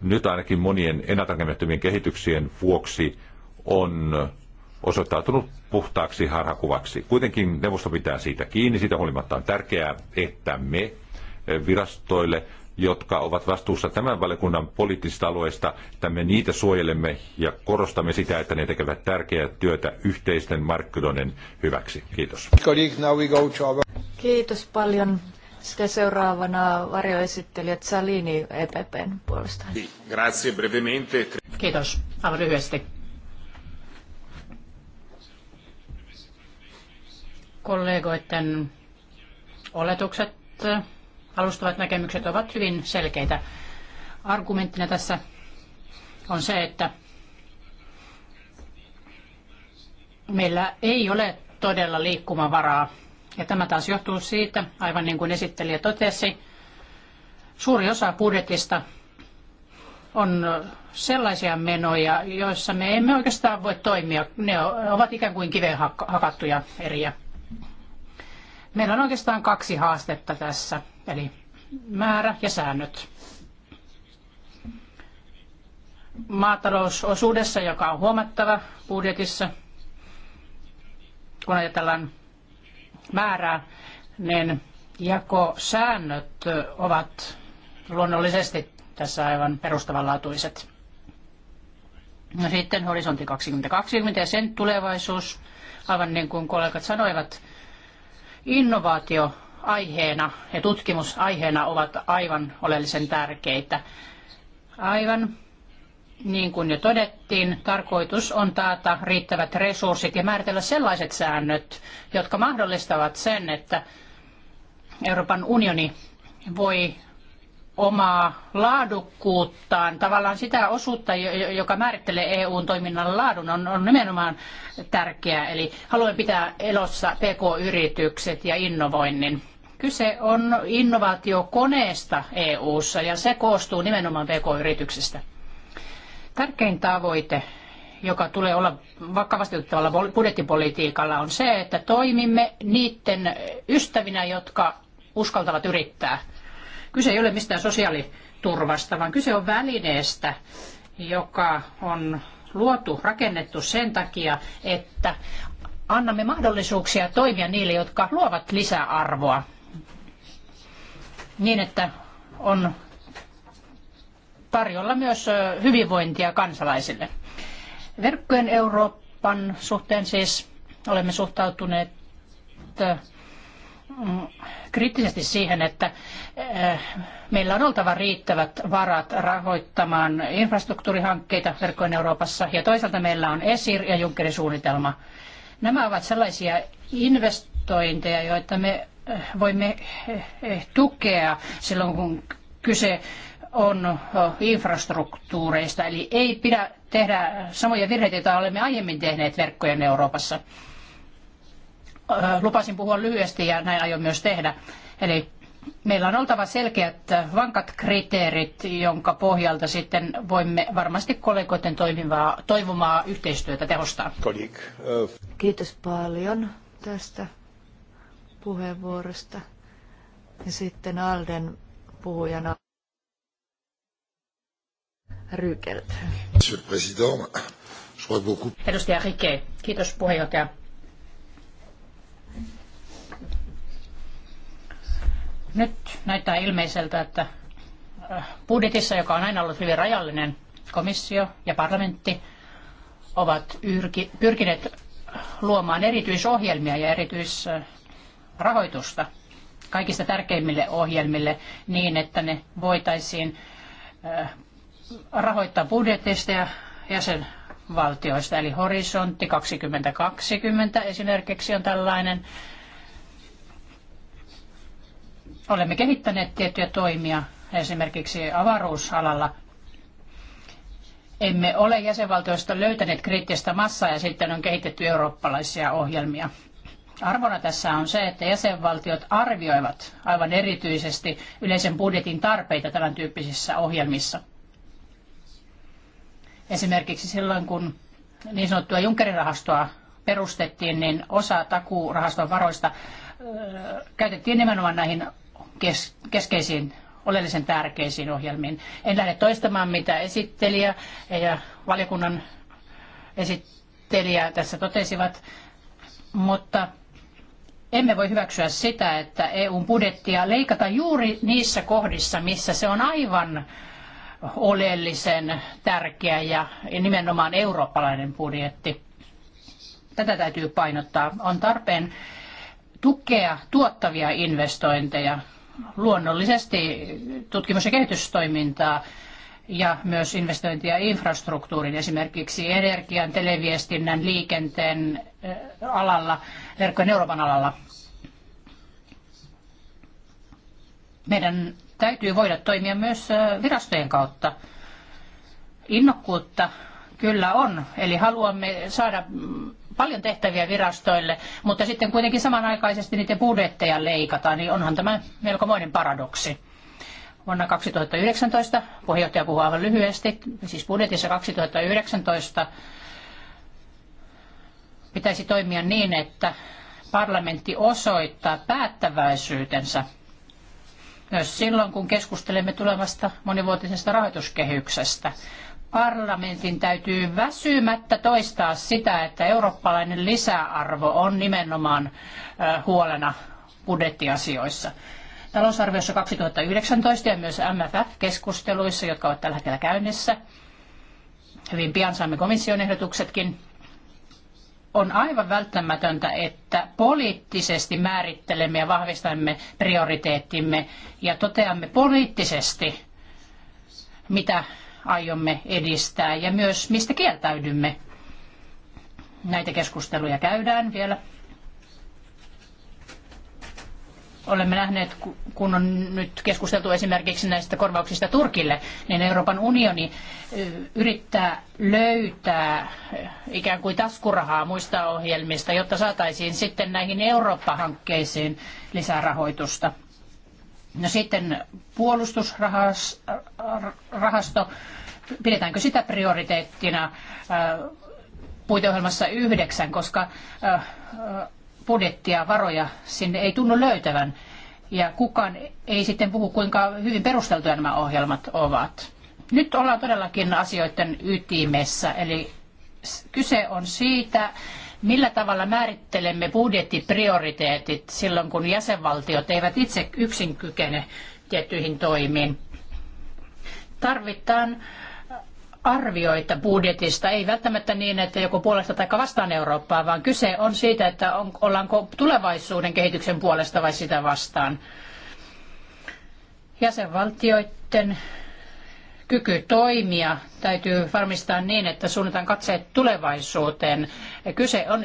nyt ainakin monien ennaltakemättömien kehityksien vuoksi on osoittautunut puhtaaksi harhakuvaksi. Kuitenkin neuvosto pitää siitä kiinni, siitä huolimatta on tärkeää, että me virastoille jotka ovat vastuussa tämän valiokunnan poliittisista alueista, että me niitä suojelemme ja korostamme sitä, että ne tekevät tärkeää työtä yhteisten markkinoiden hyväksi. Kiitos.
Kiitos paljon. Sitä seuraavana varjoesittelijä Salini EPPn
puolesta. Grazie brevemente. Kiitos.
Aivan lyhyesti.
Kollegoiden oletukset alustavat näkemykset ovat hyvin selkeitä. Argumenttina tässä on se, että meillä ei ole todella liikkumavaraa. Ja tämä taas johtuu siitä, aivan niin kuin esittelijä totesi, suuri osa budjetista on sellaisia menoja, joissa me emme oikeastaan voi toimia. Ne ovat ikään kuin kiveen hakattuja eriä. Meillä on oikeastaan kaksi haastetta tässä, eli määrä ja säännöt. Maatalousosuudessa, joka on huomattava budjetissa, kun ajatellaan määrää, niin jakosäännöt ovat luonnollisesti tässä aivan perustavanlaatuiset. No sitten horisontti 2020 ja sen tulevaisuus, aivan niin kuin kollegat sanoivat, innovaatio aiheena ja tutkimusaiheena ovat aivan oleellisen tärkeitä. Aivan niin kuin jo todettiin, tarkoitus on taata riittävät resurssit ja määritellä sellaiset säännöt, jotka mahdollistavat sen, että Euroopan unioni voi omaa laadukkuuttaan, tavallaan sitä osuutta, joka määrittelee EUn toiminnan laadun, on, on nimenomaan tärkeää. Eli haluamme pitää elossa PK-yritykset ja innovoinnin. Kyse on innovaatiokoneesta EUssa ja se koostuu nimenomaan PK-yrityksistä. Tärkein tavoite joka tulee olla vakavasti otettavalla budjettipolitiikalla, on se, että toimimme niiden ystävinä, jotka uskaltavat yrittää. Kyse ei ole mistään sosiaaliturvasta, vaan kyse on välineestä, joka on luotu, rakennettu sen takia, että annamme mahdollisuuksia toimia niille, jotka luovat lisäarvoa niin, että on tarjolla myös hyvinvointia kansalaisille. Verkkojen Euroopan suhteen siis olemme suhtautuneet kriittisesti siihen, että eh, meillä on oltava riittävät varat rahoittamaan infrastruktuurihankkeita verkkojen Euroopassa ja toisaalta meillä on ESIR ja Junckerin suunnitelma. Nämä ovat sellaisia investointeja, joita me eh, voimme eh, tukea silloin, kun kyse on infrastruktuureista. Eli ei pidä tehdä samoja virheitä, joita olemme aiemmin tehneet verkkojen Euroopassa lupasin puhua lyhyesti ja näin aion myös tehdä. Eli meillä on oltava selkeät, vankat kriteerit, jonka pohjalta sitten voimme varmasti
kollegoiden
toimivaa, toivomaa yhteistyötä tehostaa. Kiitos paljon
tästä puheenvuorosta. Ja sitten Alden puhujana Rykelt.
Edustaja Rike, kiitos puheenjohtaja Nyt näyttää ilmeiseltä, että äh, budjetissa, joka on aina ollut hyvin rajallinen, komissio ja parlamentti ovat pyrkineet luomaan erityisohjelmia ja erityisrahoitusta kaikista tärkeimmille ohjelmille niin, että ne voitaisiin äh, rahoittaa budjetista ja jäsenvaltioista. Eli Horisontti 2020 esimerkiksi on tällainen Olemme kehittäneet tiettyjä toimia esimerkiksi avaruusalalla. Emme ole jäsenvaltioista löytäneet kriittistä massaa ja sitten on kehitetty eurooppalaisia ohjelmia. Arvona tässä on se, että jäsenvaltiot arvioivat aivan erityisesti yleisen budjetin tarpeita tämän tyyppisissä ohjelmissa. Esimerkiksi silloin, kun niin sanottua Junckerin rahastoa perustettiin, niin osa takuurahaston varoista käytettiin nimenomaan näihin kes, keskeisiin oleellisen tärkeisiin ohjelmiin. En lähde toistamaan, mitä esittelijä ja valiokunnan esittelijä tässä totesivat, mutta emme voi hyväksyä sitä, että EUn budjettia leikataan juuri niissä kohdissa, missä se on aivan oleellisen tärkeä ja nimenomaan eurooppalainen budjetti. Tätä täytyy painottaa. On tarpeen tukea tuottavia investointeja luonnollisesti tutkimus- ja kehitystoimintaa ja myös investointia infrastruktuurin, esimerkiksi energian, televiestinnän, liikenteen äh, alalla, verkkojen Euroopan alalla. Meidän täytyy voida toimia myös äh, virastojen kautta. Innokkuutta kyllä on, eli haluamme saada paljon tehtäviä virastoille, mutta sitten kuitenkin samanaikaisesti niiden budjetteja leikataan, niin onhan tämä melkomoinen paradoksi. Vuonna 2019, puheenjohtaja puhuu aivan lyhyesti, siis budjetissa 2019 pitäisi toimia niin, että parlamentti osoittaa päättäväisyytensä myös silloin, kun keskustelemme tulevasta monivuotisesta rahoituskehyksestä parlamentin täytyy väsymättä toistaa sitä, että eurooppalainen lisäarvo on nimenomaan huolena budjettiasioissa. Talousarviossa 2019 ja myös MFF-keskusteluissa, jotka ovat tällä hetkellä käynnissä, hyvin pian saamme komission ehdotuksetkin, on aivan välttämätöntä, että poliittisesti määrittelemme ja vahvistamme prioriteettimme ja toteamme poliittisesti, mitä aiomme edistää ja myös mistä kieltäydymme. Näitä keskusteluja käydään vielä. Olemme nähneet, kun on nyt keskusteltu esimerkiksi näistä korvauksista Turkille, niin Euroopan unioni yrittää löytää ikään kuin taskurahaa muista ohjelmista, jotta saataisiin sitten näihin Eurooppa-hankkeisiin lisää rahoitusta. No sitten puolustusrahasto, pidetäänkö sitä prioriteettina äh, puiteohjelmassa yhdeksän, koska äh, budjettia, varoja sinne ei tunnu löytävän. Ja kukaan ei sitten puhu, kuinka hyvin perusteltuja nämä ohjelmat ovat. Nyt ollaan todellakin asioiden ytimessä, eli kyse on siitä, Millä tavalla määrittelemme budjettiprioriteetit silloin, kun jäsenvaltiot eivät itse yksin kykene tiettyihin toimiin? Tarvitaan arvioita budjetista, ei välttämättä niin, että joku puolesta tai vastaan Eurooppaa, vaan kyse on siitä, että on, ollaanko tulevaisuuden kehityksen puolesta vai sitä vastaan. Jäsenvaltioiden kyky toimia täytyy varmistaa niin, että suunnataan katseet tulevaisuuteen. Kyse on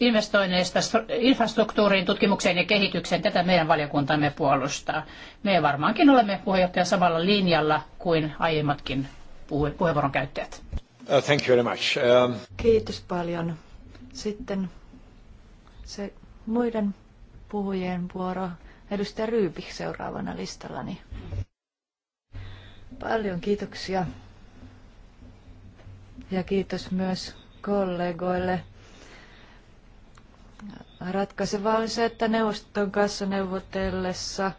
investoinneista infrastruktuuriin, tutkimukseen ja kehitykseen. Tätä meidän valiokuntamme puolustaa. Me varmaankin olemme puheenjohtaja samalla linjalla kuin aiemmatkin puheenvuoron käyttäjät.
Uh, thank you very much. Um...
Kiitos paljon. Sitten se muiden puhujien vuoro. Edustaja Ryypi seuraavana listallani. Paljon kiitoksia. Ja kiitos myös kollegoille. Ratkaisevaa on se, että neuvoston kanssa neuvotellessa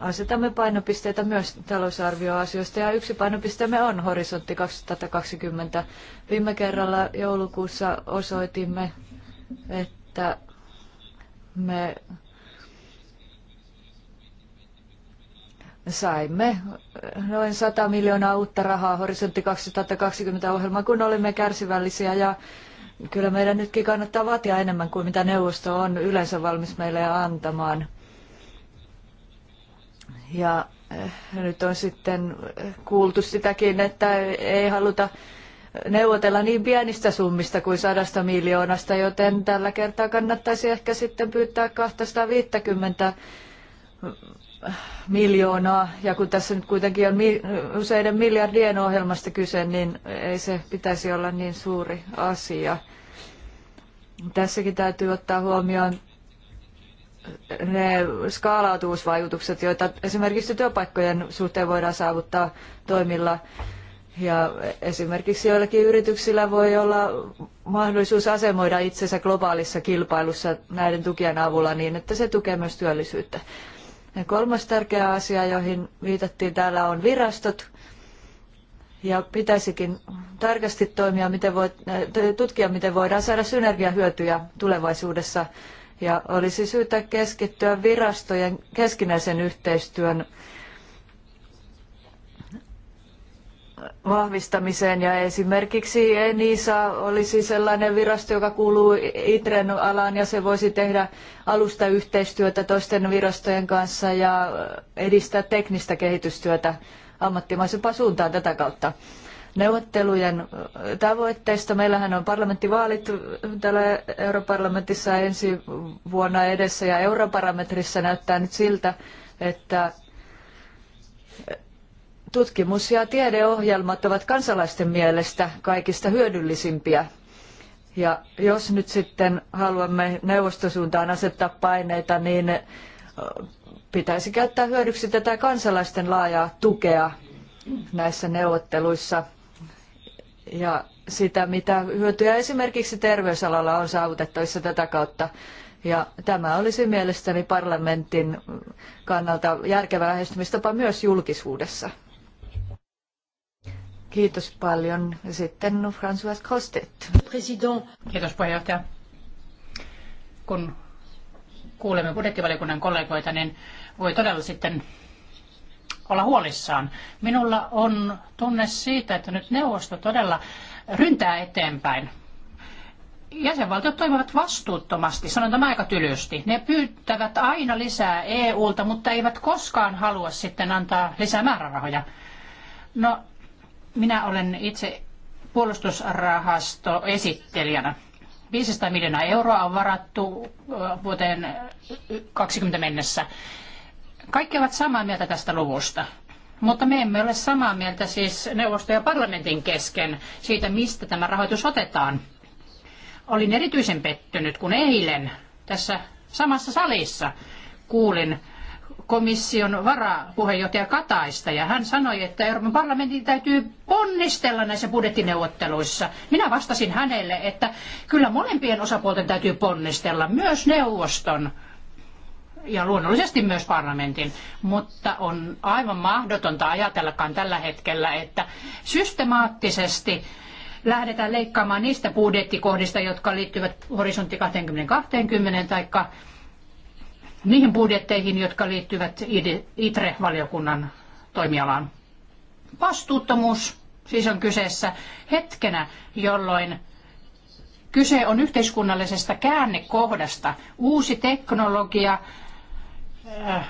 asetamme painopisteitä myös talousarvioasioista ja yksi painopisteemme on horisontti 2020. Viime kerralla joulukuussa osoitimme, että me saimme eh, noin 100 miljoonaa uutta rahaa horisontti 2020 ohjelmaan, kun olimme kärsivällisiä ja kyllä meidän nytkin kannattaa vaatia enemmän kuin mitä neuvosto on yleensä valmis meille antamaan. Ja eh, nyt on sitten eh, kuultu sitäkin, että ei haluta neuvotella niin pienistä summista kuin sadasta miljoonasta, joten tällä kertaa kannattaisi ehkä sitten pyytää 250 miljoonaa, ja kun tässä nyt kuitenkin on useiden miljardien ohjelmasta kyse, niin ei se pitäisi olla niin suuri asia. Tässäkin täytyy ottaa huomioon ne skaalautuvuusvaikutukset, joita esimerkiksi työpaikkojen suhteen voidaan saavuttaa toimilla. Ja esimerkiksi joillakin yrityksillä voi olla mahdollisuus asemoida itsensä globaalissa kilpailussa näiden tukien avulla niin, että se tukee myös työllisyyttä. Kolmas tärkeä asia, johon viitattiin täällä, on virastot. Ja pitäisikin tarkasti toimia, miten voi, äh, tutkia, miten voidaan saada synergiahyötyjä tulevaisuudessa. Ja olisi syytä keskittyä virastojen keskinäisen yhteistyön vahvistamiseen ja esimerkiksi ENISA olisi sellainen virasto, joka kuuluu ITREN alaan ja se voisi tehdä alusta yhteistyötä toisten virastojen kanssa ja edistää teknistä kehitystyötä ammattimaisempaan suuntaan tätä kautta. Neuvottelujen tavoitteista. Meillähän on parlamenttivaalit täällä europarlamentissa ensi vuonna edessä ja europarametrissa näyttää nyt siltä, että Tutkimus- ja tiedeohjelmat ovat kansalaisten mielestä kaikista hyödyllisimpiä. Ja jos nyt sitten haluamme neuvostosuuntaan asettaa paineita, niin pitäisi käyttää hyödyksi tätä kansalaisten laajaa tukea näissä neuvotteluissa ja sitä, mitä hyötyjä esimerkiksi terveysalalla on saavutettavissa tätä kautta. Ja tämä olisi mielestäni parlamentin kannalta järkevä lähestymistapa myös julkisuudessa. Kiitos paljon. sitten François Kostet. President.
Kiitos puheenjohtaja. Kun kuulemme budjettivaliokunnan kollegoita, niin voi todella sitten olla huolissaan. Minulla on tunne siitä, että nyt neuvosto todella ryntää eteenpäin. Jäsenvaltiot toimivat vastuuttomasti, sanon tämä aika tylysti. Ne pyytävät aina lisää EUlta, mutta eivät koskaan halua sitten antaa lisää määrärahoja. No, minä olen itse puolustusrahasto esittelijänä. 500 miljoonaa euroa on varattu vuoteen 20 mennessä. Kaikki ovat samaa mieltä tästä luvusta. Mutta me emme ole samaa mieltä siis neuvosto ja parlamentin kesken siitä, mistä tämä rahoitus otetaan. Olin erityisen pettynyt, kun eilen tässä samassa salissa kuulin komission varapuheenjohtaja Kataista ja hän sanoi, että Euroopan parlamentin täytyy ponnistella näissä budjettineuvotteluissa. Minä vastasin hänelle, että kyllä molempien osapuolten täytyy ponnistella, myös neuvoston ja luonnollisesti myös parlamentin, mutta on aivan mahdotonta ajatellakaan tällä hetkellä, että systemaattisesti lähdetään leikkaamaan niistä budjettikohdista, jotka liittyvät horisontti 2020 tai niihin budjetteihin, jotka liittyvät ITRE-valiokunnan toimialaan. Vastuuttomuus siis on kyseessä hetkenä, jolloin kyse on yhteiskunnallisesta käännekohdasta. Uusi teknologia äh,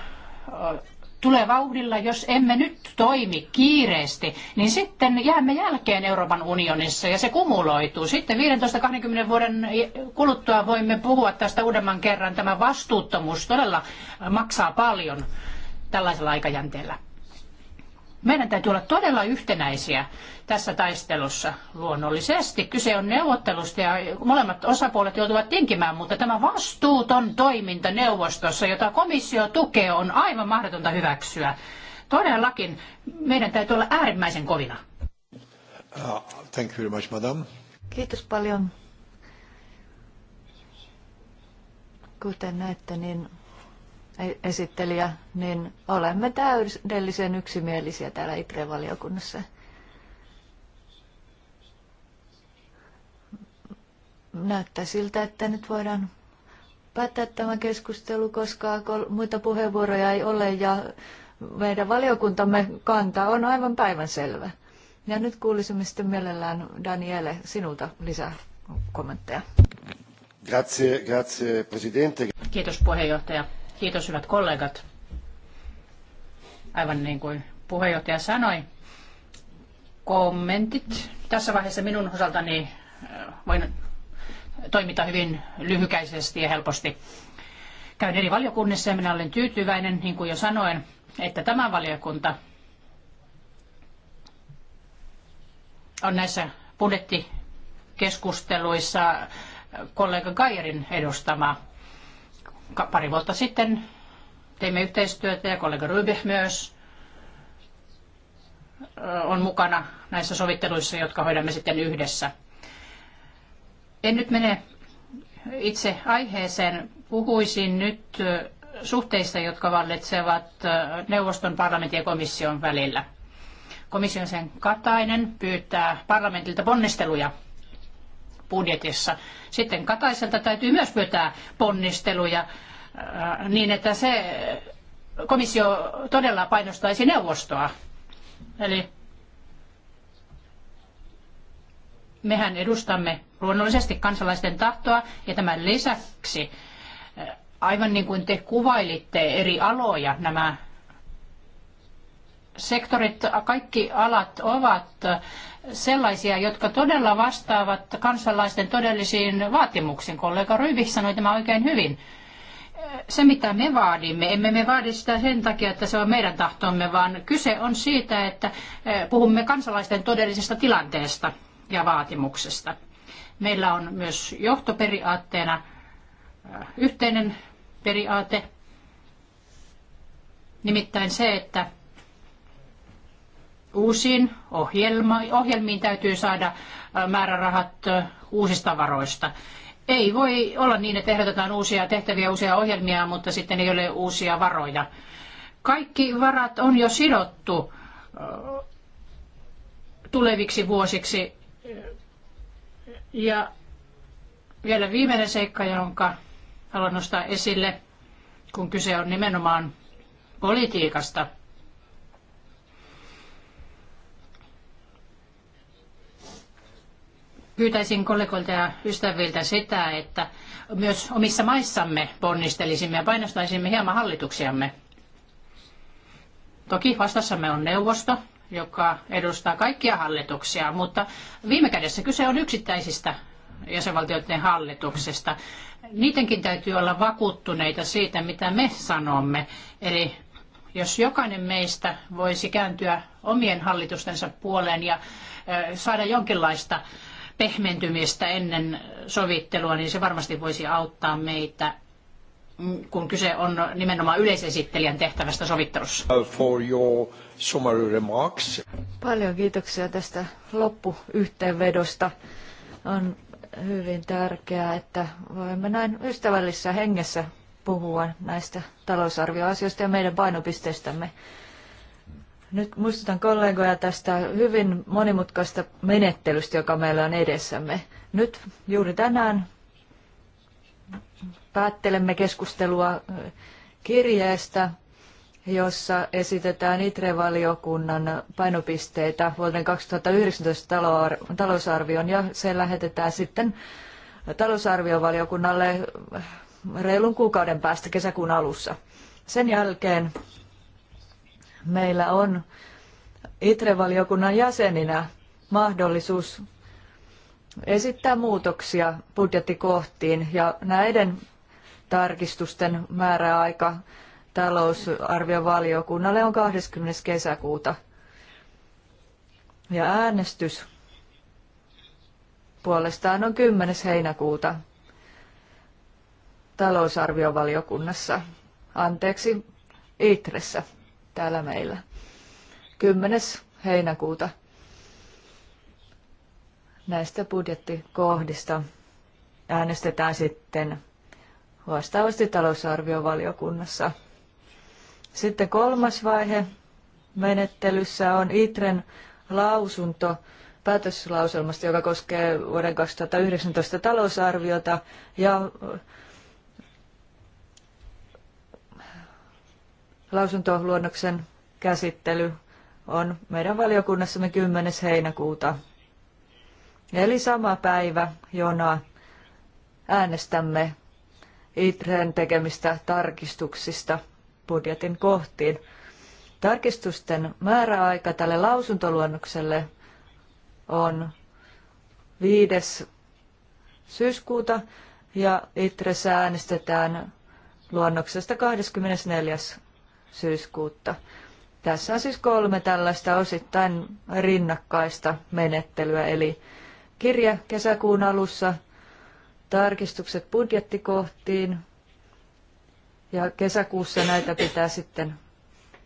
tulee vauhdilla, jos emme nyt toimi kiireesti, niin sitten jäämme jälkeen Euroopan unionissa ja se kumuloituu. Sitten 15-20 vuoden kuluttua voimme puhua tästä uudemman kerran. Tämä vastuuttomuus todella maksaa paljon tällaisella aikajänteellä. Meidän täytyy olla todella yhtenäisiä tässä taistelussa luonnollisesti. Kyse on neuvottelusta ja molemmat osapuolet joutuvat tinkimään, mutta tämä vastuuton toiminta neuvostossa, jota komissio tukee, on aivan mahdotonta hyväksyä. Todellakin meidän täytyy olla äärimmäisen kovina.
Uh, thank you very much, madam.
Kiitos paljon. Kuten näette, niin esittelijä, niin olemme täydellisen yksimielisiä täällä ITRE-valiokunnassa. Näyttää siltä, että nyt voidaan päättää tämä keskustelu, koska muita puheenvuoroja ei ole ja meidän valiokuntamme kanta on aivan päivänselvä. Ja nyt kuulisimme sitten mielellään Daniele sinulta lisää kommentteja. Grazie, grazie
presidente.
Kiitos puheenjohtaja. Kiitos hyvät kollegat.
Aivan niin kuin puheenjohtaja sanoi, kommentit tässä vaiheessa minun osaltani äh, voin toimita hyvin lyhykäisesti ja helposti. Käyn eri valiokunnissa ja minä olen tyytyväinen, niin kuin jo sanoin, että tämä valiokunta on näissä budjettikeskusteluissa kollega Kairin edustama pari vuotta sitten teimme yhteistyötä ja kollega Ryby myös on mukana näissä sovitteluissa, jotka hoidamme sitten yhdessä. En nyt mene itse aiheeseen. Puhuisin nyt suhteista, jotka vallitsevat neuvoston, parlamentin ja komission välillä. Komission sen Katainen pyytää parlamentilta ponnisteluja budjetissa. Sitten Kataiselta täytyy myös pyytää ponnisteluja äh, niin, että se komissio todella painostaisi neuvostoa. Eli mehän edustamme luonnollisesti kansalaisten tahtoa ja tämän lisäksi, äh, aivan niin kuin te kuvailitte eri aloja, nämä sektorit, kaikki alat ovat sellaisia, jotka todella vastaavat kansalaisten todellisiin vaatimuksiin. Kollega Rybih sanoi tämä oikein hyvin. Se, mitä me vaadimme, emme me vaadi sitä sen takia, että se on meidän tahtomme, vaan kyse on siitä, että eh, puhumme kansalaisten todellisesta tilanteesta ja vaatimuksesta. Meillä on myös johtoperiaatteena eh, yhteinen periaate, nimittäin se, että uusiin ohjelma, ohjelmiin täytyy saada määrärahat uusista varoista. Ei voi olla niin, että ehdotetaan uusia tehtäviä, uusia ohjelmia, mutta sitten ei ole uusia varoja. Kaikki varat on jo sidottu tuleviksi vuosiksi. Ja vielä viimeinen seikka, jonka haluan nostaa esille, kun kyse on nimenomaan politiikasta – pyytäisin kollegoilta ja ystäviltä sitä, että myös omissa maissamme ponnistelisimme ja painostaisimme hieman hallituksiamme. Toki vastassamme on neuvosto, joka edustaa kaikkia hallituksia, mutta viime kädessä kyse on yksittäisistä jäsenvaltioiden hallituksista. Niidenkin täytyy olla vakuuttuneita siitä, mitä me sanomme. Eli jos jokainen meistä voisi kääntyä omien hallitustensa puoleen ja saada jonkinlaista pehmentymistä ennen sovittelua, niin se varmasti voisi auttaa meitä, kun kyse on nimenomaan yleisesittelijän tehtävästä sovittelussa.
For your summary remarks.
Paljon kiitoksia tästä loppuyhteenvedosta. On hyvin tärkeää, että voimme näin ystävällisessä hengessä puhua näistä talousarvioasioista ja meidän painopisteistämme. Nyt muistutan kollegoja tästä hyvin monimutkaista menettelystä, joka meillä on edessämme. Nyt juuri tänään päättelemme keskustelua kirjeestä, jossa esitetään ITRE-valiokunnan painopisteitä vuoden 2019 talousarvion ja se lähetetään sitten talousarviovaliokunnalle reilun kuukauden päästä kesäkuun alussa. Sen jälkeen meillä on ITRE-valiokunnan jäseninä mahdollisuus esittää muutoksia budjettikohtiin ja näiden tarkistusten määräaika talousarviovaliokunnalle on 20. kesäkuuta. Ja äänestys puolestaan on 10. heinäkuuta talousarviovaliokunnassa, anteeksi, ITRessä täällä meillä 10. heinäkuuta näistä budjettikohdista äänestetään sitten vastaavasti talousarviovaliokunnassa. Sitten kolmas vaihe menettelyssä on ITREN lausunto päätöslauselmasta, joka koskee vuoden 2019 talousarviota ja lausuntoluonnoksen käsittely on meidän valiokunnassamme 10. heinäkuuta. Eli sama päivä, jona äänestämme ITREn tekemistä tarkistuksista budjetin kohtiin. Tarkistusten määräaika tälle lausuntoluonnokselle on 5. syyskuuta ja itre äänestetään luonnoksesta 24 syyskuutta. Tässä on siis kolme tällaista osittain rinnakkaista menettelyä, eli kirja kesäkuun alussa, tarkistukset budjettikohtiin ja kesäkuussa näitä pitää sitten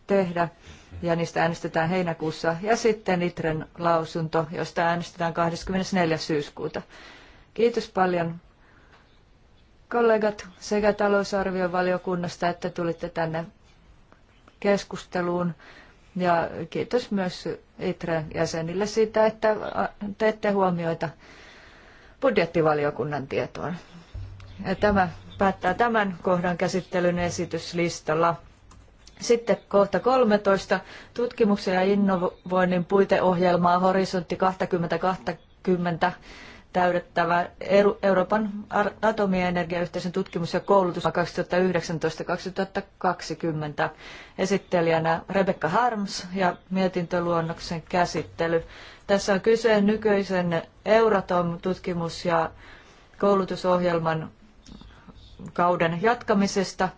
tehdä ja niistä äänestetään heinäkuussa ja sitten Itren lausunto, josta äänestetään 24. syyskuuta. Kiitos paljon kollegat sekä talousarviovaliokunnasta, että tulitte tänne keskusteluun. Ja kiitos myös ITREn jäsenille siitä, että äh, teette huomioita budjettivaliokunnan tietoon. Ja tämä päättää tämän kohdan käsittelyn esityslistalla. Sitten kohta 13. Tutkimuksen ja innovoinnin puiteohjelmaa Horisontti 2020 täydettävä Euroopan atomienergiayhteisön tutkimus- ja koulutus 2019-2020. Esittelijänä Rebecca Harms ja mietintöluonnoksen käsittely. Tässä on kyse nykyisen Euratom-tutkimus- ja koulutusohjelman kauden jatkamisesta.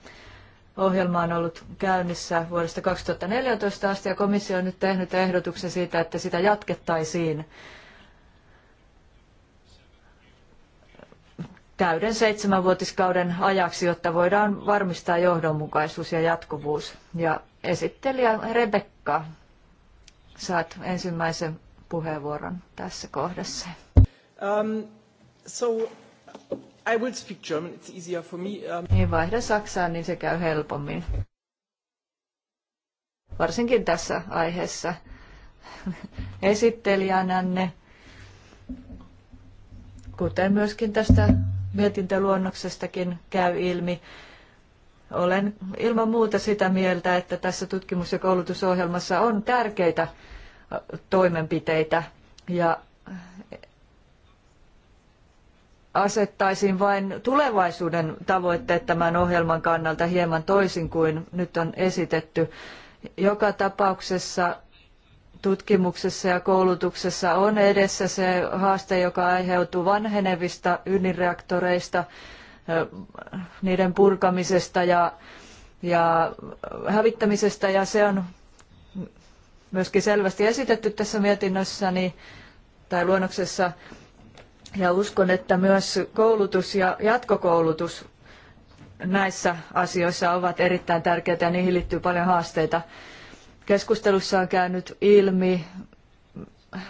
Ohjelma on ollut käynnissä vuodesta 2014 asti ja komissio on nyt tehnyt ehdotuksen siitä, että sitä jatkettaisiin täyden seitsemänvuotiskauden ajaksi, jotta voidaan varmistaa johdonmukaisuus ja jatkuvuus. Ja esittelijä Rebekka, saat ensimmäisen puheenvuoron tässä kohdassa. Um, so I will speak German, it's easier for me. Um... Niin vaihda Saksaan, niin se käy helpommin. Varsinkin tässä aiheessa esittelijänänne, kuten myöskin tästä mietintöluonnoksestakin käy ilmi. Olen ilman muuta sitä mieltä, että tässä tutkimus- ja koulutusohjelmassa on tärkeitä toimenpiteitä ja asettaisin vain tulevaisuuden tavoitteet tämän ohjelman kannalta hieman toisin kuin nyt on esitetty. Joka tapauksessa tutkimuksessa ja koulutuksessa on edessä se haaste, joka aiheutuu vanhenevista ydinreaktoreista, niiden purkamisesta ja, ja hävittämisestä, ja se on myöskin selvästi esitetty tässä mietinnössä tai luonnoksessa. Ja uskon, että myös koulutus ja jatkokoulutus näissä asioissa ovat erittäin tärkeitä ja niihin liittyy paljon haasteita. Keskustelussa on käynyt ilmi,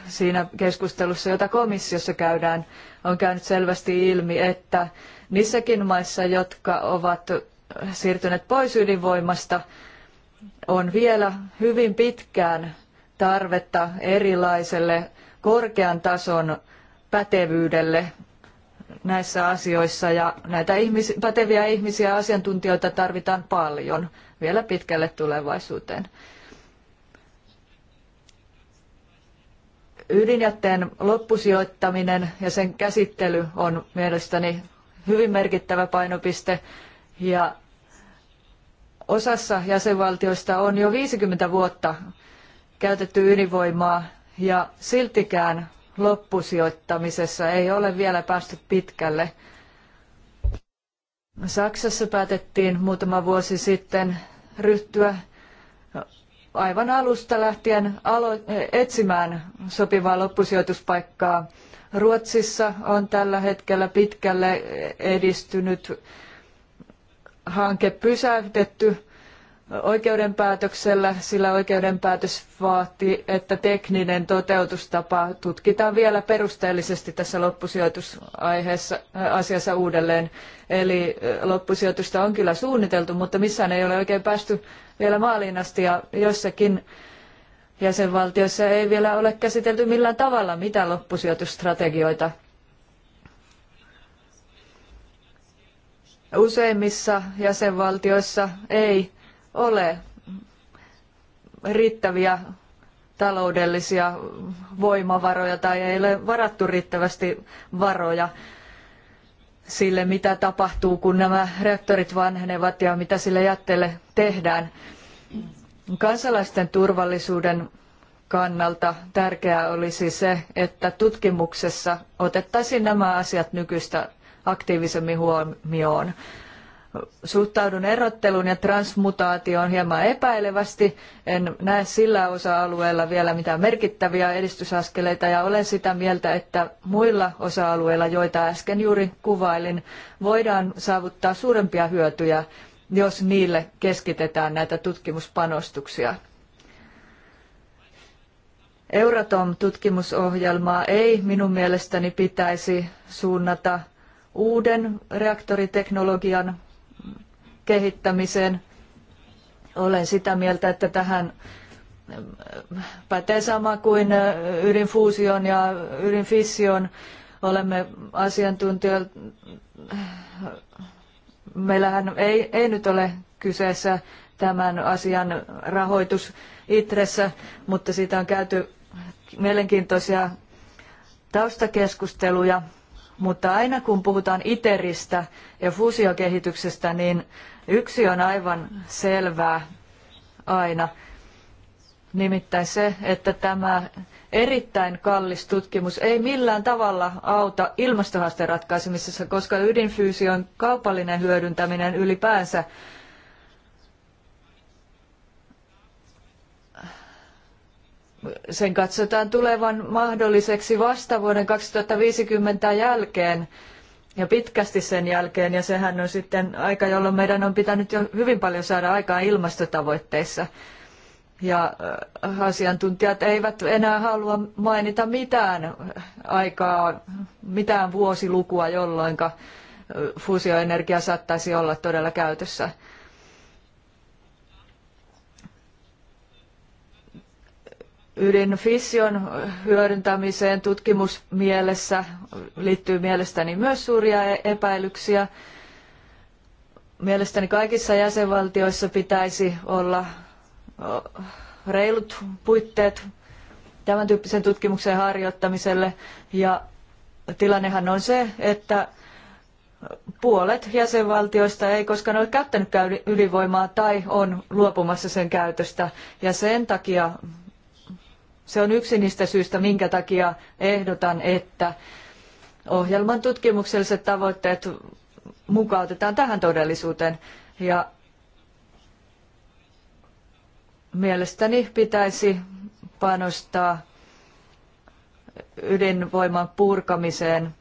siinä keskustelussa, jota komissiossa käydään, on käynyt selvästi ilmi, että niissäkin maissa, jotka ovat siirtyneet pois ydinvoimasta, on vielä hyvin pitkään tarvetta erilaiselle korkean tason pätevyydelle näissä asioissa ja näitä ihmisiä, päteviä ihmisiä ja asiantuntijoita tarvitaan paljon vielä pitkälle tulevaisuuteen. Ydinjätteen loppusijoittaminen ja sen käsittely on mielestäni hyvin merkittävä painopiste ja osassa jäsenvaltioista on jo 50 vuotta käytetty ydinvoimaa ja siltikään loppusijoittamisessa ei ole vielä päästy pitkälle. Saksassa päätettiin muutama vuosi sitten ryhtyä aivan alusta lähtien eh, etsimään sopivaa loppusijoituspaikkaa. Ruotsissa on tällä hetkellä pitkälle edistynyt hanke pysäytetty oikeudenpäätöksellä, sillä oikeudenpäätös vaati, että tekninen toteutustapa tutkitaan vielä perusteellisesti tässä loppusijoitusaiheessa äh, asiassa uudelleen. Eli äh, loppusijoitusta on kyllä suunniteltu, mutta missään ei ole oikein päästy vielä maaliin asti ja jossakin jäsenvaltiossa ei vielä ole käsitelty millään tavalla mitään loppusijoitusstrategioita. Useimmissa jäsenvaltioissa ei ole riittäviä taloudellisia voimavaroja tai ei ole varattu riittävästi varoja sille, mitä tapahtuu, kun nämä reaktorit vanhenevat ja mitä sille jätteelle tehdään. Kansalaisten turvallisuuden kannalta tärkeää olisi se, että tutkimuksessa otettaisiin nämä asiat nykyistä aktiivisemmin huomioon. Suhtaudun erotteluun ja transmutaatioon hieman epäilevästi. En näe sillä osa-alueella vielä mitään merkittäviä edistysaskeleita ja olen sitä mieltä, että muilla osa-alueilla, joita äsken juuri kuvailin, voidaan saavuttaa suurempia hyötyjä, jos niille keskitetään näitä tutkimuspanostuksia. Euratom-tutkimusohjelmaa ei minun mielestäni pitäisi suunnata uuden reaktoriteknologian kehittämiseen. Olen sitä mieltä, että tähän äh, pätee sama kuin äh, ydinfuusion ja ydinfission. Olemme asiantuntijoita. Meillähän ei, ei nyt ole kyseessä tämän asian rahoitus itressä, mutta siitä on käyty mielenkiintoisia taustakeskusteluja mutta aina kun puhutaan ITERistä ja fuusiokehityksestä, niin yksi on aivan selvää aina. Nimittäin se, että tämä erittäin kallis tutkimus ei millään tavalla auta ilmastohaasteen ratkaisemisessa, koska ydinfyysion kaupallinen hyödyntäminen ylipäänsä sen katsotaan tulevan mahdolliseksi vasta vuoden 2050 jälkeen ja pitkästi sen jälkeen, ja sehän on sitten aika, jolloin meidän on pitänyt jo hyvin paljon saada aikaan ilmastotavoitteissa. Ja äh, asiantuntijat eivät enää halua mainita mitään aikaa, mitään vuosilukua, jolloin äh, fuusioenergia saattaisi olla todella käytössä. ydinfission hyödyntämiseen tutkimusmielessä liittyy mielestäni myös suuria e- epäilyksiä. Mielestäni kaikissa jäsenvaltioissa pitäisi olla reilut puitteet tämän tyyppisen tutkimuksen harjoittamiselle ja tilannehan on se, että puolet jäsenvaltioista ei koskaan ole käyttänytkään ydinvoimaa tai on luopumassa sen käytöstä ja sen takia se on yksi niistä syistä, minkä takia ehdotan, että ohjelman tutkimukselliset tavoitteet mukautetaan tähän todellisuuteen. Ja mielestäni pitäisi panostaa ydinvoiman purkamiseen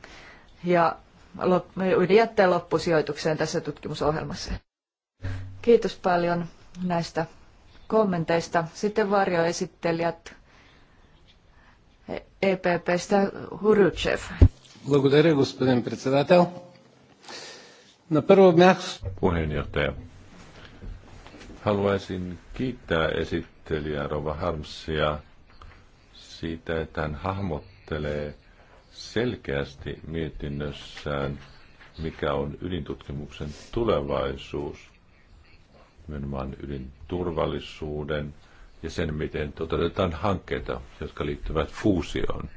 ja ydinjätteen loppusijoitukseen tässä tutkimusohjelmassa. Kiitos paljon näistä kommenteista. Sitten varjoesittelijät ЕПП-ста e Хурючев.
Благодаря, господин председател. На първо място... Puheenjohtaja. Haluaisin kiittää esittelijä Rova Harmsia siitä, että hän hahmottelee selkeästi mietinnössään, mikä on ydintutkimuksen tulevaisuus, nimenomaan ydinturvallisuuden, ja sen, miten toteutetaan hankkeita, jotka liittyvät fuusioon.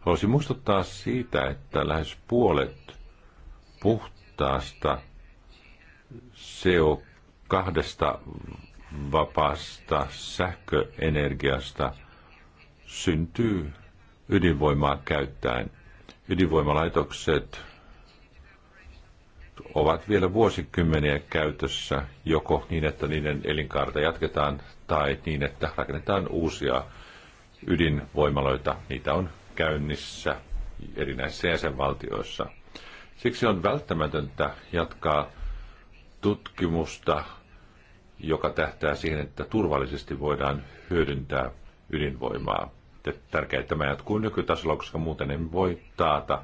Haluaisin muistuttaa siitä, että lähes puolet puhtaasta CO2 vapaasta sähköenergiasta syntyy ydinvoimaa käyttäen. Ydinvoimalaitokset ovat vielä vuosikymmeniä käytössä joko niin, että niiden elinkaarta jatketaan tai niin, että rakennetaan uusia ydinvoimaloita. Niitä on käynnissä erinäisissä jäsenvaltioissa. Siksi on välttämätöntä jatkaa tutkimusta, joka tähtää siihen, että turvallisesti voidaan hyödyntää ydinvoimaa. Tärkeää, että tämä jatkuu nykytasolla, koska muuten emme voi taata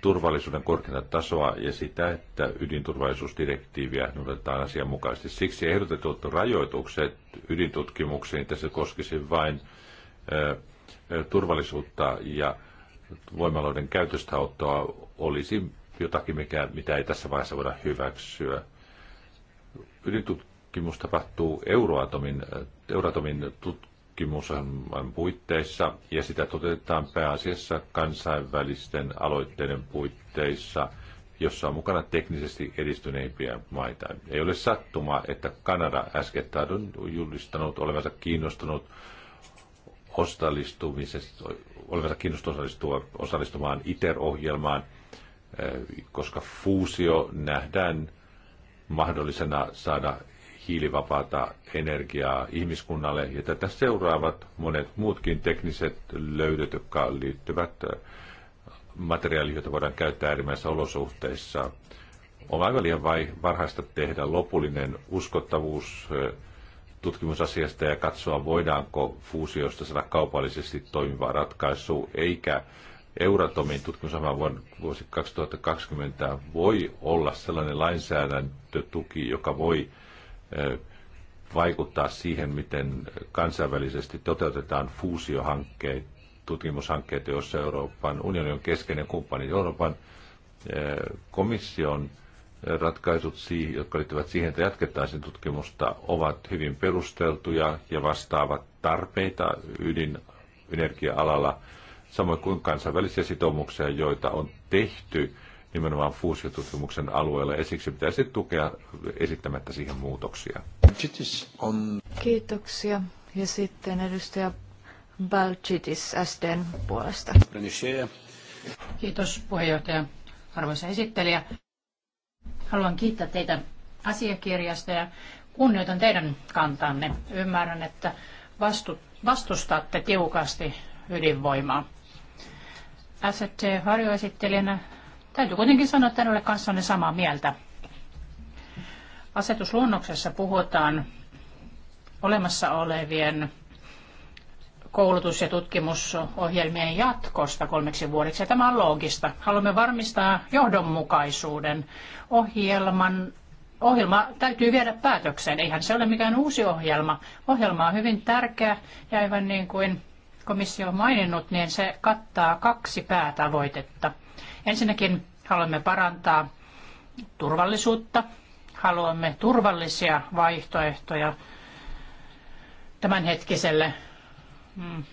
turvallisuuden korkeinta tasoa ja sitä, että ydinturvallisuusdirektiiviä noudatetaan asianmukaisesti. Siksi ehdotetut rajoitukset ydintutkimuksiin tässä koskisi vain ö, turvallisuutta ja voimaloiden käytöstä ottoa olisi jotakin, mikä, mitä ei tässä vaiheessa voida hyväksyä. Ydintutkimus tapahtuu Euroatomin, Euroatomin tut, tutkimusohjelman puitteissa ja sitä toteutetaan pääasiassa kansainvälisten aloitteiden puitteissa, jossa on mukana teknisesti edistyneimpiä maita. Ei ole sattuma, että Kanada äskettäin on julistanut olevansa kiinnostunut olevansa kiinnostunut osallistua, osallistumaan ITER-ohjelmaan, eh, koska fuusio nähdään mahdollisena saada hiilivapaata energiaa ihmiskunnalle, ja tätä seuraavat monet muutkin tekniset löydöt, jotka liittyvät äh, materiaaliin, joita voidaan käyttää äärimmäisissä olosuhteissa. On aivan liian vai, varhaista tehdä lopullinen uskottavuus äh, tutkimusasiasta ja katsoa, voidaanko fuusiosta saada kaupallisesti toimiva ratkaisu, eikä Euratomin tutkimusohjelman vuosi 2020 voi olla sellainen lainsäädäntötuki, joka voi vaikuttaa siihen, miten kansainvälisesti toteutetaan fuusiohankkeet, tutkimushankkeita, joissa Euroopan unioni on keskeinen kumppani. Euroopan komission ratkaisut, jotka liittyvät siihen, että jatkettaisiin tutkimusta, ovat hyvin perusteltuja ja vastaavat tarpeita ydinenergia-alalla, samoin kuin kansainvälisiä sitoumuksia, joita on tehty nimenomaan fuusiotutkimuksen alueella, ja siksi pitäisi tukea esittämättä siihen muutoksia.
Kiitoksia. Ja sitten edustaja Balchitis SDn puolesta.
Kiitos puheenjohtaja, arvoisa esittelijä. Haluan kiittää teitä asiakirjasta ja kunnioitan teidän kantanne. Ymmärrän, että vastu, vastustatte tiukasti ydinvoimaa. SFT varjoesittelijänä Täytyy kuitenkin sanoa, että en ole kanssanne samaa mieltä. Asetusluonnoksessa puhutaan olemassa olevien koulutus- ja tutkimusohjelmien jatkosta kolmeksi vuodeksi. Ja tämä on loogista. Haluamme varmistaa johdonmukaisuuden. Ohjelman, ohjelma täytyy viedä päätökseen. Eihän se ole mikään uusi ohjelma. Ohjelma on hyvin tärkeä ja aivan niin kuin komissio on maininnut, niin se kattaa kaksi päätavoitetta – Ensinnäkin haluamme parantaa turvallisuutta, haluamme turvallisia vaihtoehtoja tämänhetkiselle mm,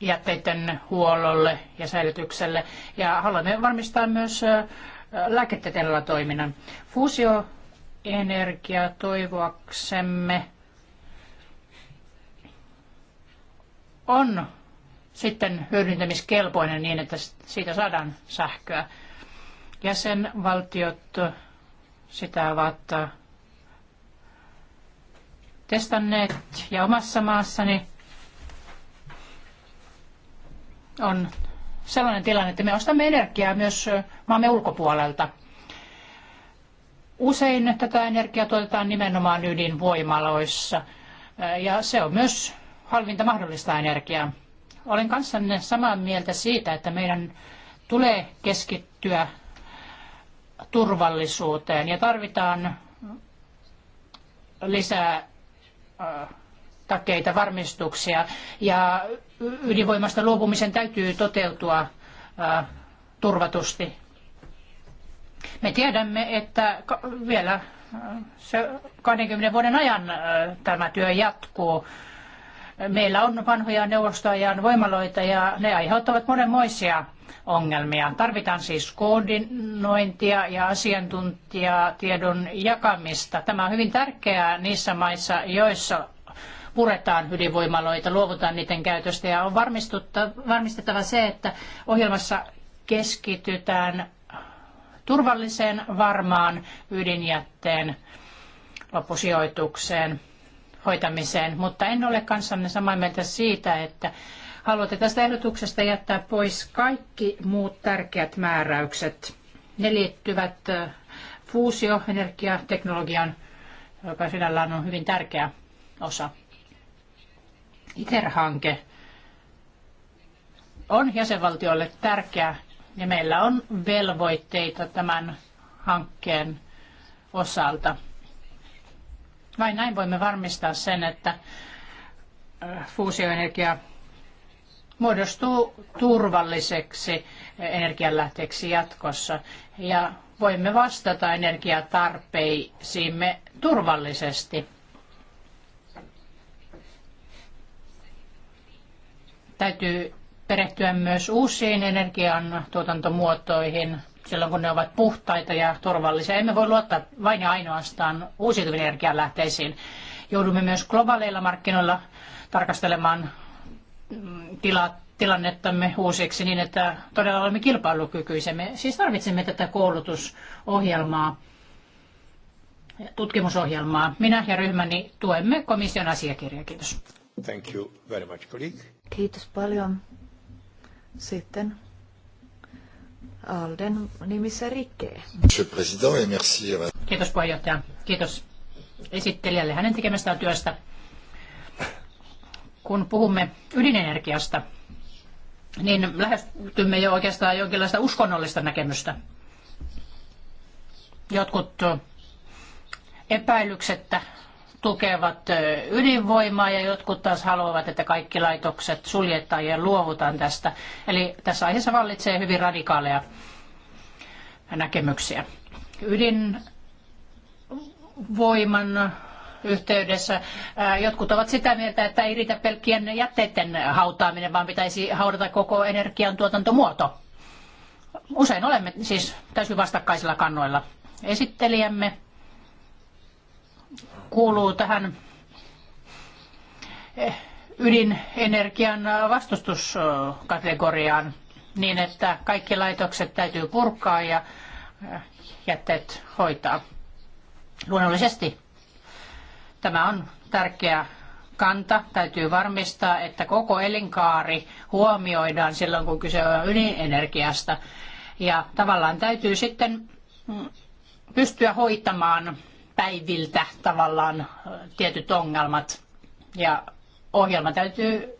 jätteiden huollolle ja säilytykselle. Ja haluamme varmistaa myös lääketieteellä toiminnan. Fuusioenergia toivoaksemme on sitten hyödyntämiskelpoinen niin, että siitä saadaan sähköä. Jäsenvaltiot sitä ovat äh, testanneet ja omassa maassani on sellainen tilanne, että me ostamme energiaa myös äh, maamme ulkopuolelta. Usein tätä energiaa tuotetaan nimenomaan ydinvoimaloissa äh, ja se on myös halvinta mahdollista energiaa. Olen kanssanne samaa mieltä siitä, että meidän tulee keskittyä turvallisuuteen ja tarvitaan lisää äh, takeita, varmistuksia ja ydinvoimasta luopumisen täytyy toteutua äh, turvatusti. Me tiedämme, että vielä 20 äh, vuoden ajan tämä työ jatkuu. Meillä on vanhoja neuvostoajan voimaloita ja ne aiheuttavat monenmoisia ongelmia. Tarvitaan siis koordinointia ja asiantuntijatiedon jakamista. Tämä on hyvin tärkeää niissä maissa, joissa puretaan ydinvoimaloita, luovutaan niiden käytöstä ja on varmistettava se, että ohjelmassa keskitytään turvalliseen, varmaan ydinjätteen loppusijoitukseen hoitamiseen, mutta en ole kanssanne samaa mieltä siitä, että haluatte tästä ehdotuksesta jättää pois kaikki muut tärkeät määräykset. Ne liittyvät fuusioenergiateknologian, joka sinällään on hyvin tärkeä osa. ITER-hanke on jäsenvaltioille tärkeä ja meillä on velvoitteita tämän hankkeen osalta. Vain näin voimme varmistaa sen, että fuusioenergia muodostuu turvalliseksi energianlähteeksi jatkossa ja voimme vastata energiatarpeisiimme turvallisesti. Täytyy perehtyä myös uusiin energian tuotantomuotoihin, silloin kun ne ovat puhtaita ja turvallisia. Emme voi luottaa vain ja ainoastaan uusiutuvien energialähteisiin. Joudumme myös globaaleilla markkinoilla tarkastelemaan mm, tila, tilannettamme uusiksi niin, että todella olemme kilpailukykyisemme. Siis tarvitsemme tätä koulutusohjelmaa, tutkimusohjelmaa. Minä ja ryhmäni tuemme komission asiakirjaa. Kiitos.
Thank you very much, colleague.
Kiitos paljon. Sitten Alden nimissä
Kiitos puheenjohtaja. Kiitos esittelijälle hänen tekemästään työstä. Kun puhumme ydinenergiasta, niin lähestymme jo oikeastaan jonkinlaista uskonnollista näkemystä. Jotkut epäilyksettä tukevat ydinvoimaa ja jotkut taas haluavat, että kaikki laitokset suljetaan ja luovutaan tästä. Eli tässä aiheessa vallitsee hyvin radikaaleja näkemyksiä. Ydinvoiman yhteydessä. Jotkut ovat sitä mieltä, että ei riitä pelkkien jätteiden hautaaminen, vaan pitäisi haudata koko energiantuotantomuoto. Usein olemme siis täysin vastakkaisilla kannoilla. Esittelijämme kuuluu tähän eh, ydinenergian vastustuskategoriaan niin, että kaikki laitokset täytyy purkaa ja eh, jätteet hoitaa. Luonnollisesti tämä on tärkeä kanta. Täytyy varmistaa, että koko elinkaari huomioidaan silloin, kun kyse on ydinenergiasta. Ja tavallaan täytyy sitten mm, pystyä hoitamaan päiviltä tavallaan tietyt ongelmat. Ja ohjelma täytyy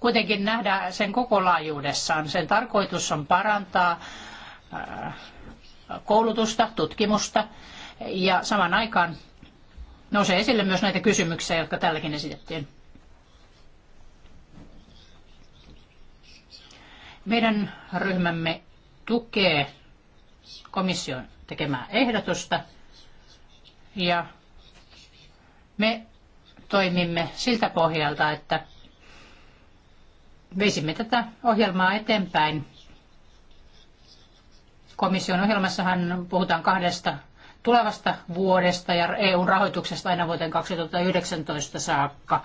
kuitenkin nähdä sen koko laajuudessaan. Sen tarkoitus on parantaa koulutusta, tutkimusta ja saman aikaan nousee esille myös näitä kysymyksiä, jotka tälläkin esitettiin. Meidän ryhmämme tukee komission tekemää ehdotusta – ja me toimimme siltä pohjalta, että veisimme tätä ohjelmaa eteenpäin. Komission ohjelmassahan puhutaan kahdesta tulevasta vuodesta ja EUn rahoituksesta aina vuoteen 2019 saakka.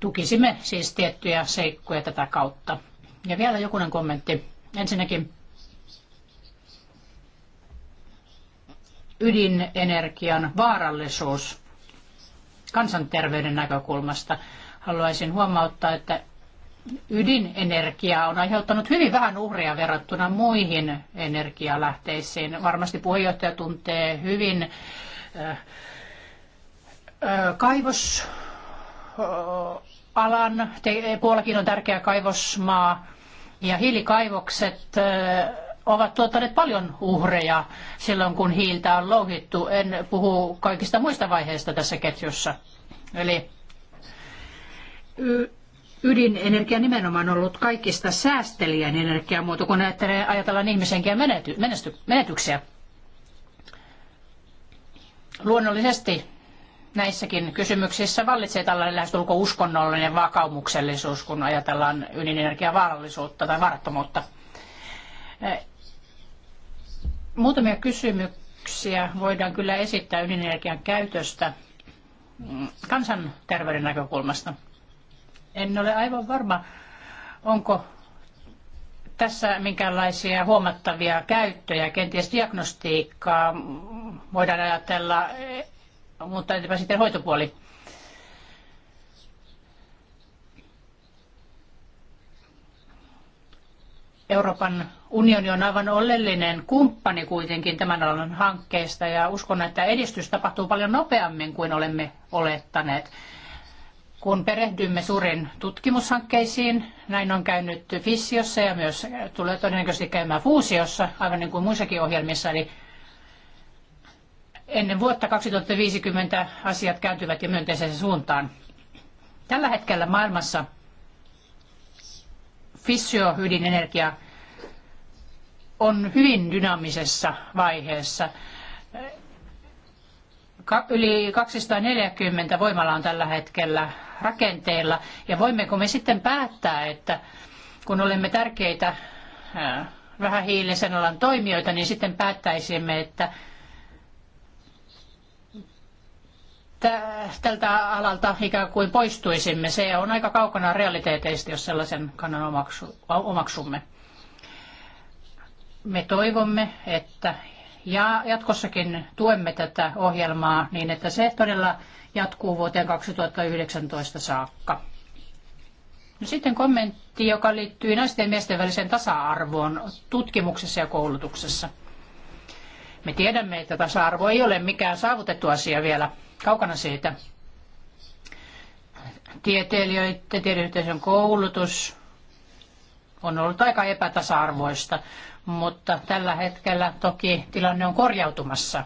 Tukisimme siis tiettyjä seikkoja tätä kautta. Ja vielä jokunen kommentti. Ensinnäkin ydinenergian vaarallisuus kansanterveyden näkökulmasta. Haluaisin huomauttaa, että ydinenergia on aiheuttanut hyvin vähän uhreja verrattuna muihin energialähteisiin. Varmasti puheenjohtaja tuntee hyvin äh, äh, kaivosalan, puolakin on tärkeä kaivosmaa, ja hiilikaivokset äh, ovat tuottaneet paljon uhreja silloin, kun hiiltä on louhittu. En puhu kaikista muista vaiheista tässä ketjussa. Eli ydinenergia nimenomaan on ollut kaikista säästelijän energiamuoto, kun ajatellaan ihmisenkin menety, menesty, menetyksiä. Luonnollisesti näissäkin kysymyksissä vallitsee tällainen lähestulko uskonnollinen vakaumuksellisuus, kun ajatellaan ydinenergian vaarallisuutta tai varattomuutta. Muutamia kysymyksiä voidaan kyllä esittää ydinenergian käytöstä kansanterveyden näkökulmasta. En ole aivan varma, onko tässä minkälaisia huomattavia käyttöjä, kenties diagnostiikkaa voidaan ajatella, mutta entäpä sitten hoitopuoli? Euroopan unioni on aivan oleellinen kumppani kuitenkin tämän alan hankkeista ja uskon, että edistys tapahtuu paljon nopeammin kuin olemme olettaneet. Kun perehdymme suurin tutkimushankkeisiin, näin on käynyt fissiossa ja myös tulee todennäköisesti käymään fuusiossa, aivan niin kuin muissakin ohjelmissa, eli ennen vuotta 2050 asiat kääntyvät ja myönteiseen suuntaan. Tällä hetkellä maailmassa ydinenergia on hyvin dynaamisessa vaiheessa. Yli 240 voimalaa on tällä hetkellä rakenteilla. Ja voimmeko me sitten päättää, että kun olemme tärkeitä vähähiilisen alan toimijoita, niin sitten päättäisimme, että tältä alalta ikään kuin poistuisimme. Se on aika kaukana realiteeteista, jos sellaisen kannan omaksumme. Me toivomme, että ja jatkossakin tuemme tätä ohjelmaa niin, että se todella jatkuu vuoteen 2019 saakka. No sitten kommentti, joka liittyy naisten ja miesten väliseen tasa-arvoon tutkimuksessa ja koulutuksessa. Me tiedämme, että tasa-arvo ei ole mikään saavutettu asia vielä kaukana siitä. Tieteilijöiden, tiedeyhteisön koulutus on ollut aika epätasa-arvoista, mutta tällä hetkellä toki tilanne on korjautumassa.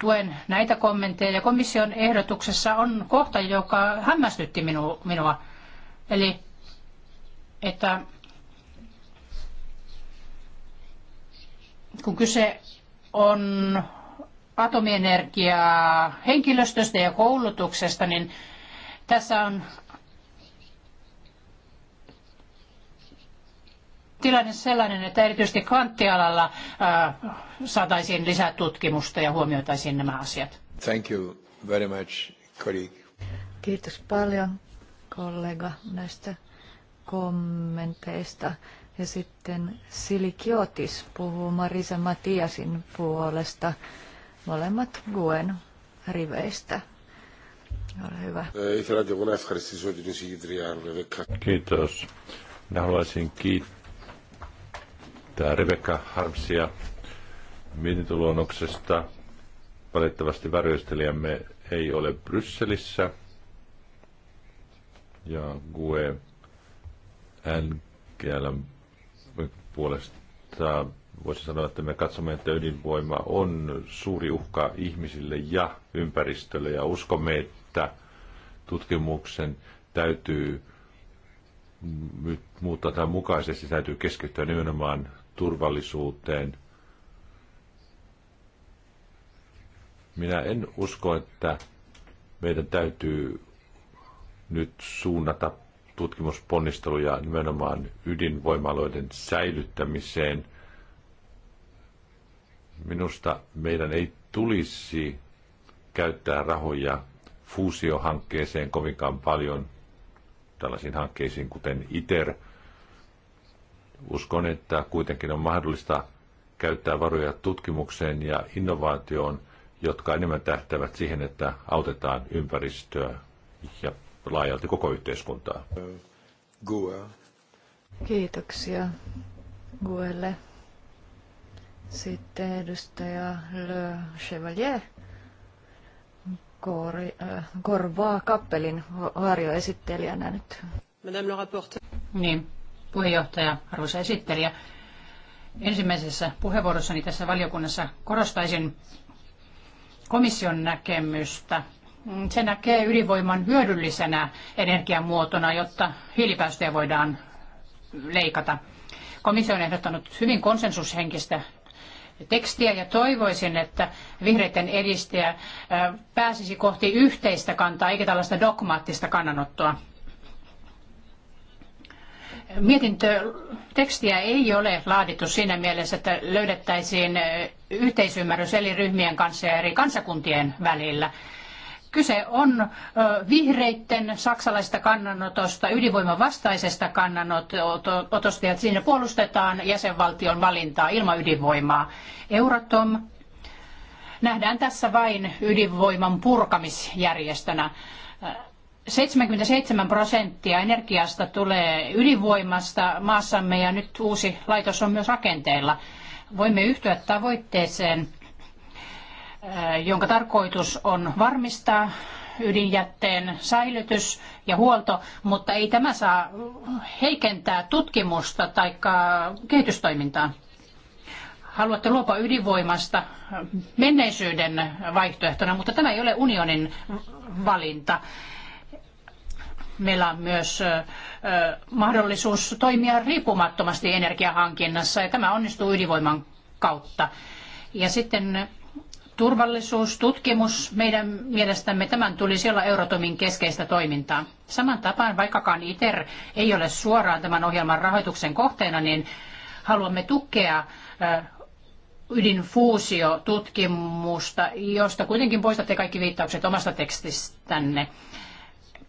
Tuen näitä kommentteja ja komission ehdotuksessa on kohta, joka hämmästytti minua. Eli että kun kyse on atomienergiaa henkilöstöstä ja koulutuksesta, niin tässä on tilanne sellainen, että erityisesti kvanttialalla saataisiin lisää tutkimusta ja huomioitaisiin nämä asiat.
Thank you very much, colleague.
Kiitos paljon kollega näistä kommenteista. Ja sitten Silikiotis puhuu Marisa Matiasin puolesta molemmat Guen riveistä. Ole
hyvä. Kiitos. Minä haluaisin kiittää Rebecca Harmsia mietintöluonnoksesta. Valitettavasti värjöistelijämme ei ole Brysselissä. Ja Gue NGL puolesta voisi sanoa, että me katsomme, että ydinvoima on suuri uhka ihmisille ja ympäristölle ja uskomme, että tutkimuksen täytyy muuttaa tämän mukaisesti, täytyy keskittyä nimenomaan turvallisuuteen. Minä en usko, että meidän täytyy nyt suunnata tutkimusponnisteluja nimenomaan ydinvoimaloiden säilyttämiseen – Minusta meidän ei tulisi käyttää rahoja fuusiohankkeeseen kovinkaan paljon, tällaisiin hankkeisiin kuten ITER. Uskon, että kuitenkin on mahdollista käyttää varoja tutkimukseen ja innovaatioon, jotka enemmän tähtävät siihen, että autetaan ympäristöä ja laajalti koko yhteiskuntaa. Goa.
Kiitoksia Guelle. Sitten edustaja Le Chevalier kor, äh, korvaa kappelin varjoesittelijänä nyt.
Madame le rapporteur.
Niin, puheenjohtaja,
arvoisa esittelijä. Ensimmäisessä puheenvuorossani tässä valiokunnassa korostaisin komission näkemystä. Se näkee ydinvoiman hyödyllisenä energiamuotona, jotta hiilipäästöjä voidaan leikata. Komissio on ehdottanut hyvin konsensushenkistä tekstiä ja toivoisin, että vihreiden edistäjä pääsisi kohti yhteistä kantaa eikä tällaista dogmaattista kannanottoa. Mietintö tekstiä ei ole laadittu siinä mielessä, että löydettäisiin yhteisymmärrys eri ryhmien kanssa ja eri kansakuntien välillä. Kyse on vihreitten saksalaista kannanotosta, ydinvoiman vastaisesta kannanotosta, ja siinä puolustetaan jäsenvaltion valintaa ilman ydinvoimaa. Euratom nähdään tässä vain ydinvoiman purkamisjärjestönä. 77 prosenttia energiasta tulee ydinvoimasta maassamme ja nyt uusi laitos on myös rakenteilla. Voimme yhtyä tavoitteeseen Äh, jonka tarkoitus on varmistaa ydinjätteen säilytys ja huolto, mutta ei tämä saa heikentää tutkimusta tai kehitystoimintaa. Haluatte luopua ydinvoimasta menneisyyden vaihtoehtona, mutta tämä ei ole unionin valinta. Meillä on myös mahdollisuus toimia riippumattomasti energiahankinnassa ja tämä onnistuu ydinvoiman kautta. Ja sitten Turvallisuustutkimus meidän mielestämme tämän tulisi olla Eurotomin keskeistä toimintaa. Saman tapaan, vaikkakaan ITER ei ole suoraan tämän ohjelman rahoituksen kohteena, niin haluamme tukea ydinfuusiotutkimusta, josta kuitenkin poistatte kaikki viittaukset omasta tekstistänne.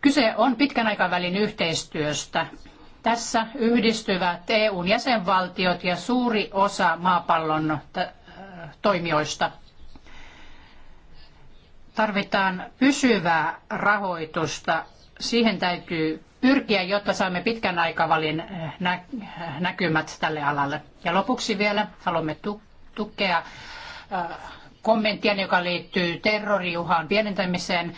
Kyse on pitkän aikavälin yhteistyöstä. Tässä yhdistyvät EUn jäsenvaltiot ja suuri osa maapallon toimijoista tarvitaan pysyvää rahoitusta. Siihen täytyy pyrkiä, jotta saamme pitkän aikavälin eh, eh, näkymät tälle alalle. Ja lopuksi vielä haluamme tukea eh, kommenttia, joka liittyy terroriuhan pienentämiseen.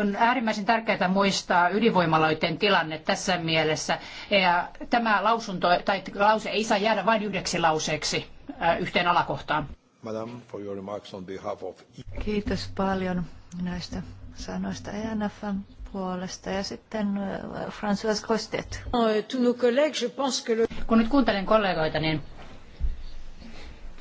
On äärimmäisen tärkeää muistaa ydinvoimaloiden tilanne tässä mielessä. Ja tämä lausunto, tai lause ei saa jäädä vain yhdeksi lauseeksi yhteen alakohtaan
madam, for your remarks on behalf of... E-
Kiitos paljon näistä sanoista ENFn puolesta ja sitten äh, François Costet. No, Kun nyt kuuntelen kollegoita, niin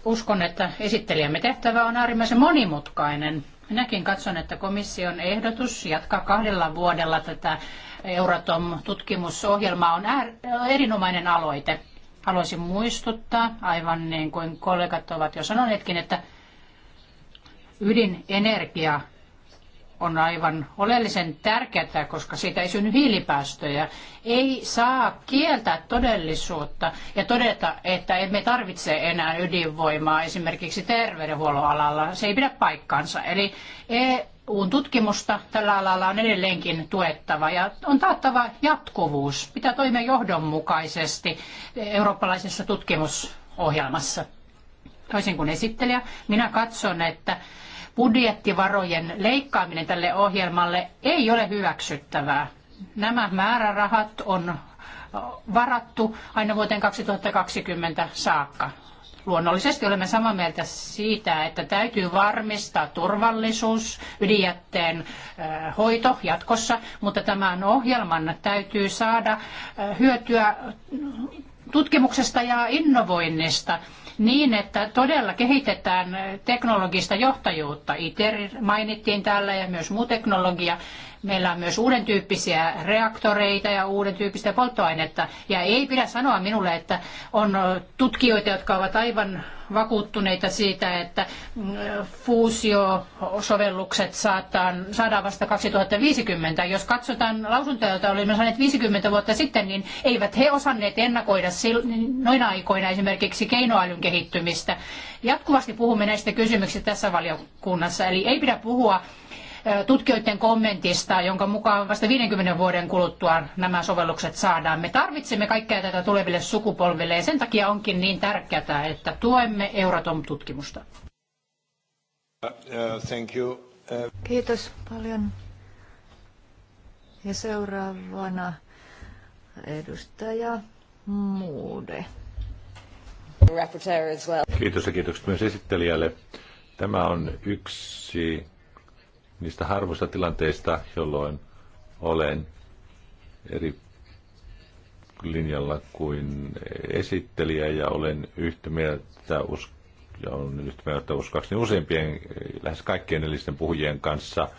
uskon, että
esittelijämme tehtävä
on äärimmäisen monimutkainen. Minäkin katson, että komission ehdotus jatkaa kahdella vuodella tätä Euratom-tutkimusohjelmaa on erinomainen aloite. Haluaisin muistuttaa, aivan niin kuin kollegat ovat jo sanoneetkin, että ydinenergia on aivan oleellisen tärkeää, koska siitä ei synny hiilipäästöjä. Ei saa kieltää todellisuutta ja todeta, että emme tarvitse enää ydinvoimaa esimerkiksi terveydenhuollon alalla. Se ei pidä paikkaansa. Eli EUn tutkimusta tällä alalla on edelleenkin tuettava ja on taattava jatkuvuus. Pitää toimia johdonmukaisesti eurooppalaisessa tutkimusohjelmassa. Toisin kuin esittelijä, minä katson, että budjettivarojen leikkaaminen tälle ohjelmalle ei ole hyväksyttävää. Nämä määrärahat on varattu aina vuoteen 2020 saakka. Luonnollisesti olemme samaa mieltä siitä, että täytyy varmistaa turvallisuus, ydinjätteen hoito jatkossa, mutta tämän ohjelman täytyy saada hyötyä tutkimuksesta ja innovoinnista niin, että todella kehitetään teknologista johtajuutta. ITER mainittiin täällä ja myös muu teknologia. Meillä on myös uuden tyyppisiä reaktoreita ja uuden tyyppistä polttoainetta. Ja ei pidä sanoa minulle, että on tutkijoita, jotka ovat aivan vakuuttuneita siitä, että mm, fuusiosovellukset saataan, saadaan vasta 2050. Jos katsotaan lausuntoja, joita olimme saaneet 50 vuotta sitten, niin eivät he osanneet ennakoida niin noina aikoina esimerkiksi keinoälyn kehittymistä. Jatkuvasti puhumme näistä kysymyksistä tässä valiokunnassa, eli ei pidä puhua tutkijoiden kommentista, jonka mukaan vasta 50 vuoden kuluttua nämä sovellukset saadaan. Me tarvitsemme kaikkea tätä tuleville sukupolville ja sen takia onkin niin tärkeää, että tuemme Euratom-tutkimusta.
Uh, uh, uh, Kiitos paljon. Ja seuraavana edustaja Muude.
Kiitos ja kiitokset myös esittelijälle. Tämä on yksi niistä harvoista tilanteista, jolloin olen eri linjalla kuin esittelijä ja olen yhtä mieltä, ja on yhtä mieltä uskoakseni useimpien, lähes kaikkien edellisten puhujien kanssa –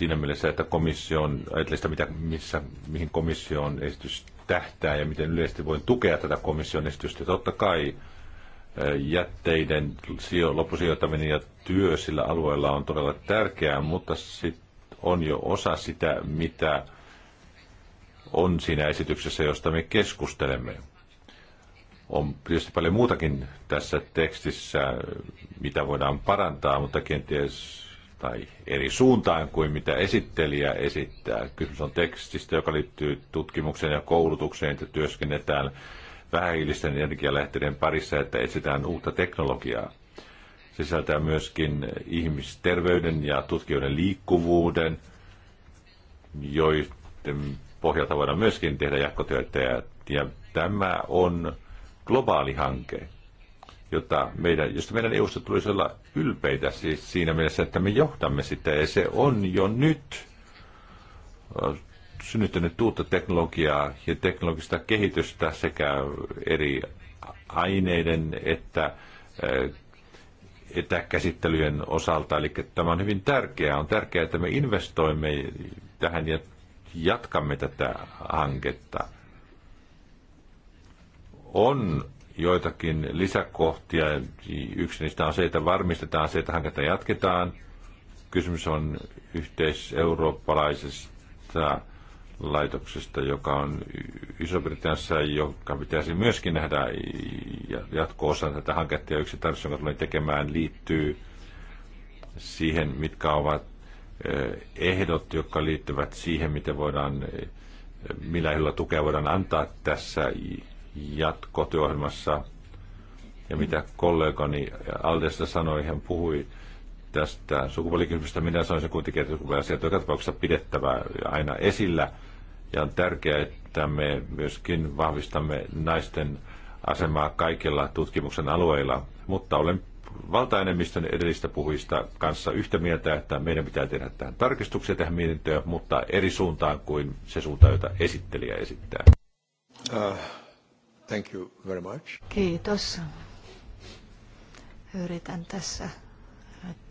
siinä mielessä, että komission, sitä, mitä, missä, mihin komission esitys tähtää ja miten yleisesti voin tukea tätä komission esitystä. Totta kai jätteiden sijo, loppusijoittaminen ja työ sillä alueella on todella tärkeää, mutta sit on jo osa sitä, mitä on siinä esityksessä, josta me keskustelemme. On tietysti paljon muutakin tässä tekstissä, mitä voidaan parantaa, mutta kenties tai eri suuntaan kuin mitä esittelijä esittää. Kysymys on tekstistä, joka liittyy tutkimukseen ja koulutukseen, että työskennetään vähähiilisten energialähteiden parissa, että etsitään uutta teknologiaa. Se sisältää myöskin ihmisterveyden ja tutkijoiden liikkuvuuden, joiden pohjalta voidaan myöskin tehdä jatkotyötä. Ja tämä on globaali hanke jota meidän, josta meidän EUsta tulisi olla ylpeitä siis siinä mielessä, että me johdamme sitä ja se on jo nyt äh, synnyttänyt uutta teknologiaa ja teknologista kehitystä sekä eri aineiden että äh, etäkäsittelyjen osalta. Eli tämä on hyvin tärkeää. On tärkeää, että me investoimme tähän ja jatkamme tätä hanketta. On joitakin lisäkohtia. Yksi niistä on se, että varmistetaan se, että hanketta jatketaan. Kysymys on yhteiseurooppalaisesta laitoksesta, joka on Iso-Britanniassa, joka pitäisi myöskin nähdä jatko-osan tätä hanketta. Ja yksi tarkoitus, jonka tulee tekemään, liittyy siihen, mitkä ovat ehdot, jotka liittyvät siihen, miten voidaan, millä tukea voidaan antaa tässä jatko Ja mitä kollegani Aldesta sanoi, hän puhui tästä sukupuolikysymystä. Minä se kuitenkin, että sukupuoliasiat joka tapauksessa pidettävä aina esillä. Ja on tärkeää, että me myöskin vahvistamme naisten asemaa kaikilla tutkimuksen alueilla. Mutta olen valtaenemmistön edellistä puhujista kanssa yhtä mieltä, että meidän pitää tehdä tähän tarkistuksia tähän mietintöön, mutta eri suuntaan kuin se suunta, jota esittelijä esittää. Uh, Thank you very much.
Kiitos. Yritän tässä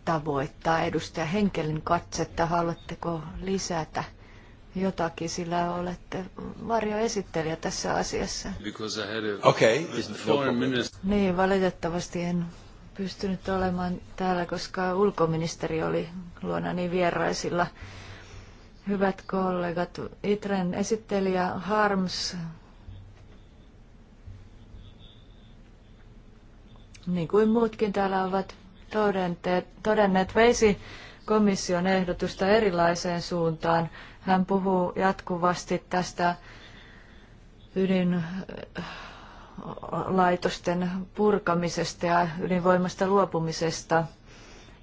tavoittaa edustaja Henkelin katsetta. Haluatteko lisätä jotakin, sillä olette varjoesittelijä tässä asiassa? A... Okay. Niin, valitettavasti en pystynyt olemaan täällä, koska ulkoministeri oli luonani niin vieraisilla. Hyvät kollegat, Itren esittelijä Harms niin kuin muutkin täällä ovat todenneet, veisi komission ehdotusta erilaiseen suuntaan. Hän puhuu jatkuvasti tästä ydinlaitosten purkamisesta ja ydinvoimasta luopumisesta.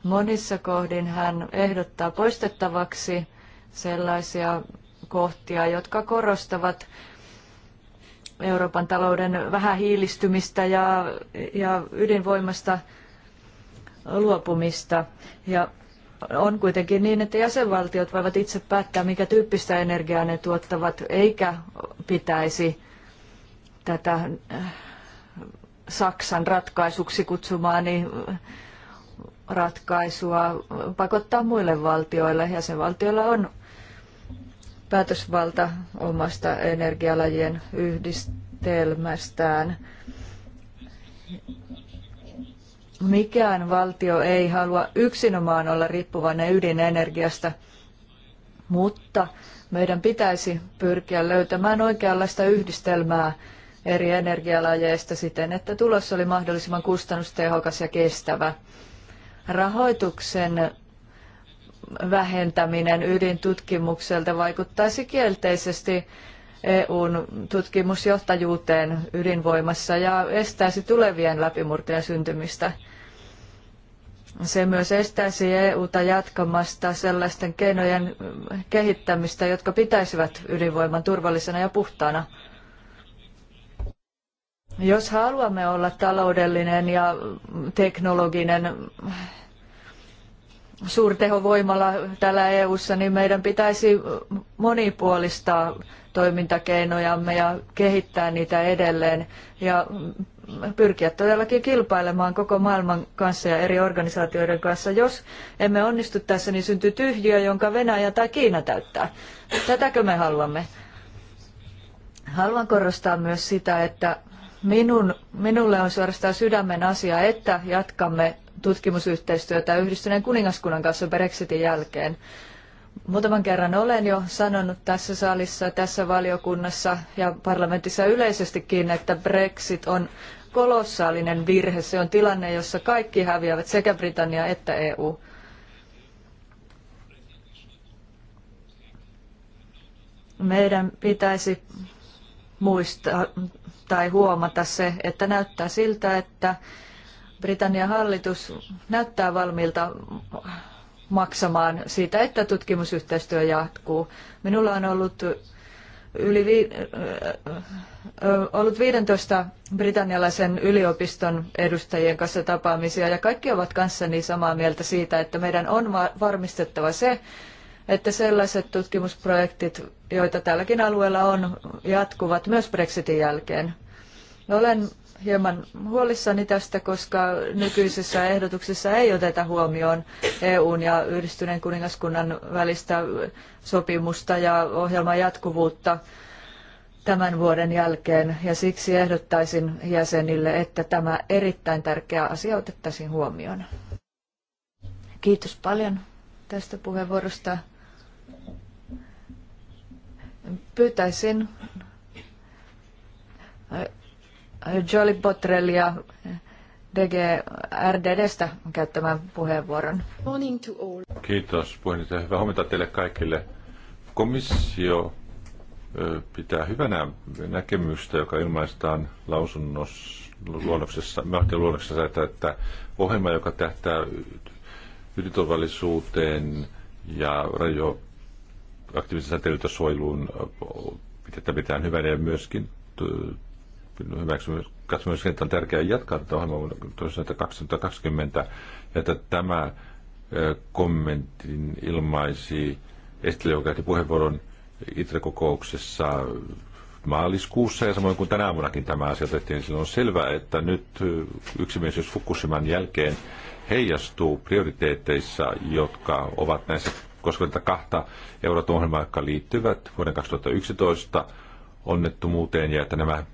Monissa kohdin hän ehdottaa poistettavaksi sellaisia kohtia, jotka korostavat Euroopan talouden vähähiilistymistä ja, ja ydinvoimasta luopumista. Ja on kuitenkin niin, että jäsenvaltiot voivat itse päättää, mikä tyyppistä energiaa ne tuottavat, eikä pitäisi tätä äh, Saksan ratkaisuksi kutsumaani ratkaisua pakottaa muille valtioille. Jäsenvaltioilla on päätösvalta omasta energialajien yhdistelmästään. Mikään valtio ei halua yksinomaan olla riippuvainen ydinenergiasta, mutta meidän pitäisi pyrkiä löytämään oikeanlaista yhdistelmää eri energialajeista siten, että tulos oli mahdollisimman kustannustehokas ja kestävä. Rahoituksen vähentäminen ydintutkimukselta vaikuttaisi kielteisesti EUn tutkimusjohtajuuteen ydinvoimassa ja estäisi tulevien läpimurtojen syntymistä. Se myös estäisi EUta jatkamasta sellaisten keinojen kehittämistä, jotka pitäisivät ydinvoiman turvallisena ja puhtaana. Jos haluamme olla taloudellinen ja teknologinen suurtehovoimalla täällä EU:ssa, niin meidän pitäisi monipuolistaa toimintakeinojamme ja kehittää niitä edelleen ja pyrkiä todellakin kilpailemaan koko maailman kanssa ja eri organisaatioiden kanssa. Jos emme onnistu tässä, niin syntyy tyhjiö, jonka Venäjä tai Kiina täyttää. Tätäkö me haluamme? Haluan korostaa myös sitä, että minun, minulle on suorastaan sydämen asia, että jatkamme tutkimusyhteistyötä yhdistyneen kuningaskunnan kanssa Brexitin jälkeen. Muutaman kerran olen jo sanonut tässä salissa, tässä valiokunnassa ja parlamentissa yleisestikin, että Brexit on kolossaalinen virhe. Se on tilanne, jossa kaikki häviävät, sekä Britannia että EU. Meidän pitäisi muistaa tai huomata se, että näyttää siltä, että Britannian hallitus näyttää valmiilta maksamaan siitä, että tutkimusyhteistyö jatkuu. Minulla on ollut yli vi- ollut 15 britannialaisen yliopiston edustajien kanssa tapaamisia ja kaikki ovat kanssani samaa mieltä siitä, että meidän on varmistettava se, että sellaiset tutkimusprojektit, joita tälläkin alueella on, jatkuvat myös Brexitin jälkeen. Olen hieman huolissani tästä, koska nykyisessä ehdotuksessa ei oteta huomioon EUn ja yhdistyneen kuningaskunnan välistä sopimusta ja ohjelman jatkuvuutta tämän vuoden jälkeen. Ja siksi ehdottaisin jäsenille, että tämä erittäin tärkeä asia otettaisiin huomioon. Kiitos paljon tästä puheenvuorosta. Pyytäisin Jolly ja DG RDDstä käyttämään puheenvuoron. Morning to all.
Kiitos puheenjohtaja. Hyvää huomenta teille kaikille. Komissio pitää hyvänä näkemystä, joka ilmaistaan lausunnossa luonnoksessa, luonnoksessa että, että ohjelma, joka tähtää ydinturvallisuuteen ja radio aktiivisen pitää pitää hyvänä ja myöskin hyväksymme, myös, että on tärkeää jatkaa tätä ohjelmaa vuonna 2020, ja että tämä kommentin ilmaisi Estelä, joka käytti puheenvuoron ITRE-kokouksessa maaliskuussa ja samoin kuin tänä aamunakin tämä asia tehtiin, niin on selvää, että nyt yksimielisyys Fukushiman jälkeen heijastuu prioriteetteissa, jotka ovat näissä koskevat kahta Euroopan ohjelmaa, jotka liittyvät vuoden 2011 onnettomuuteen ja että nämä,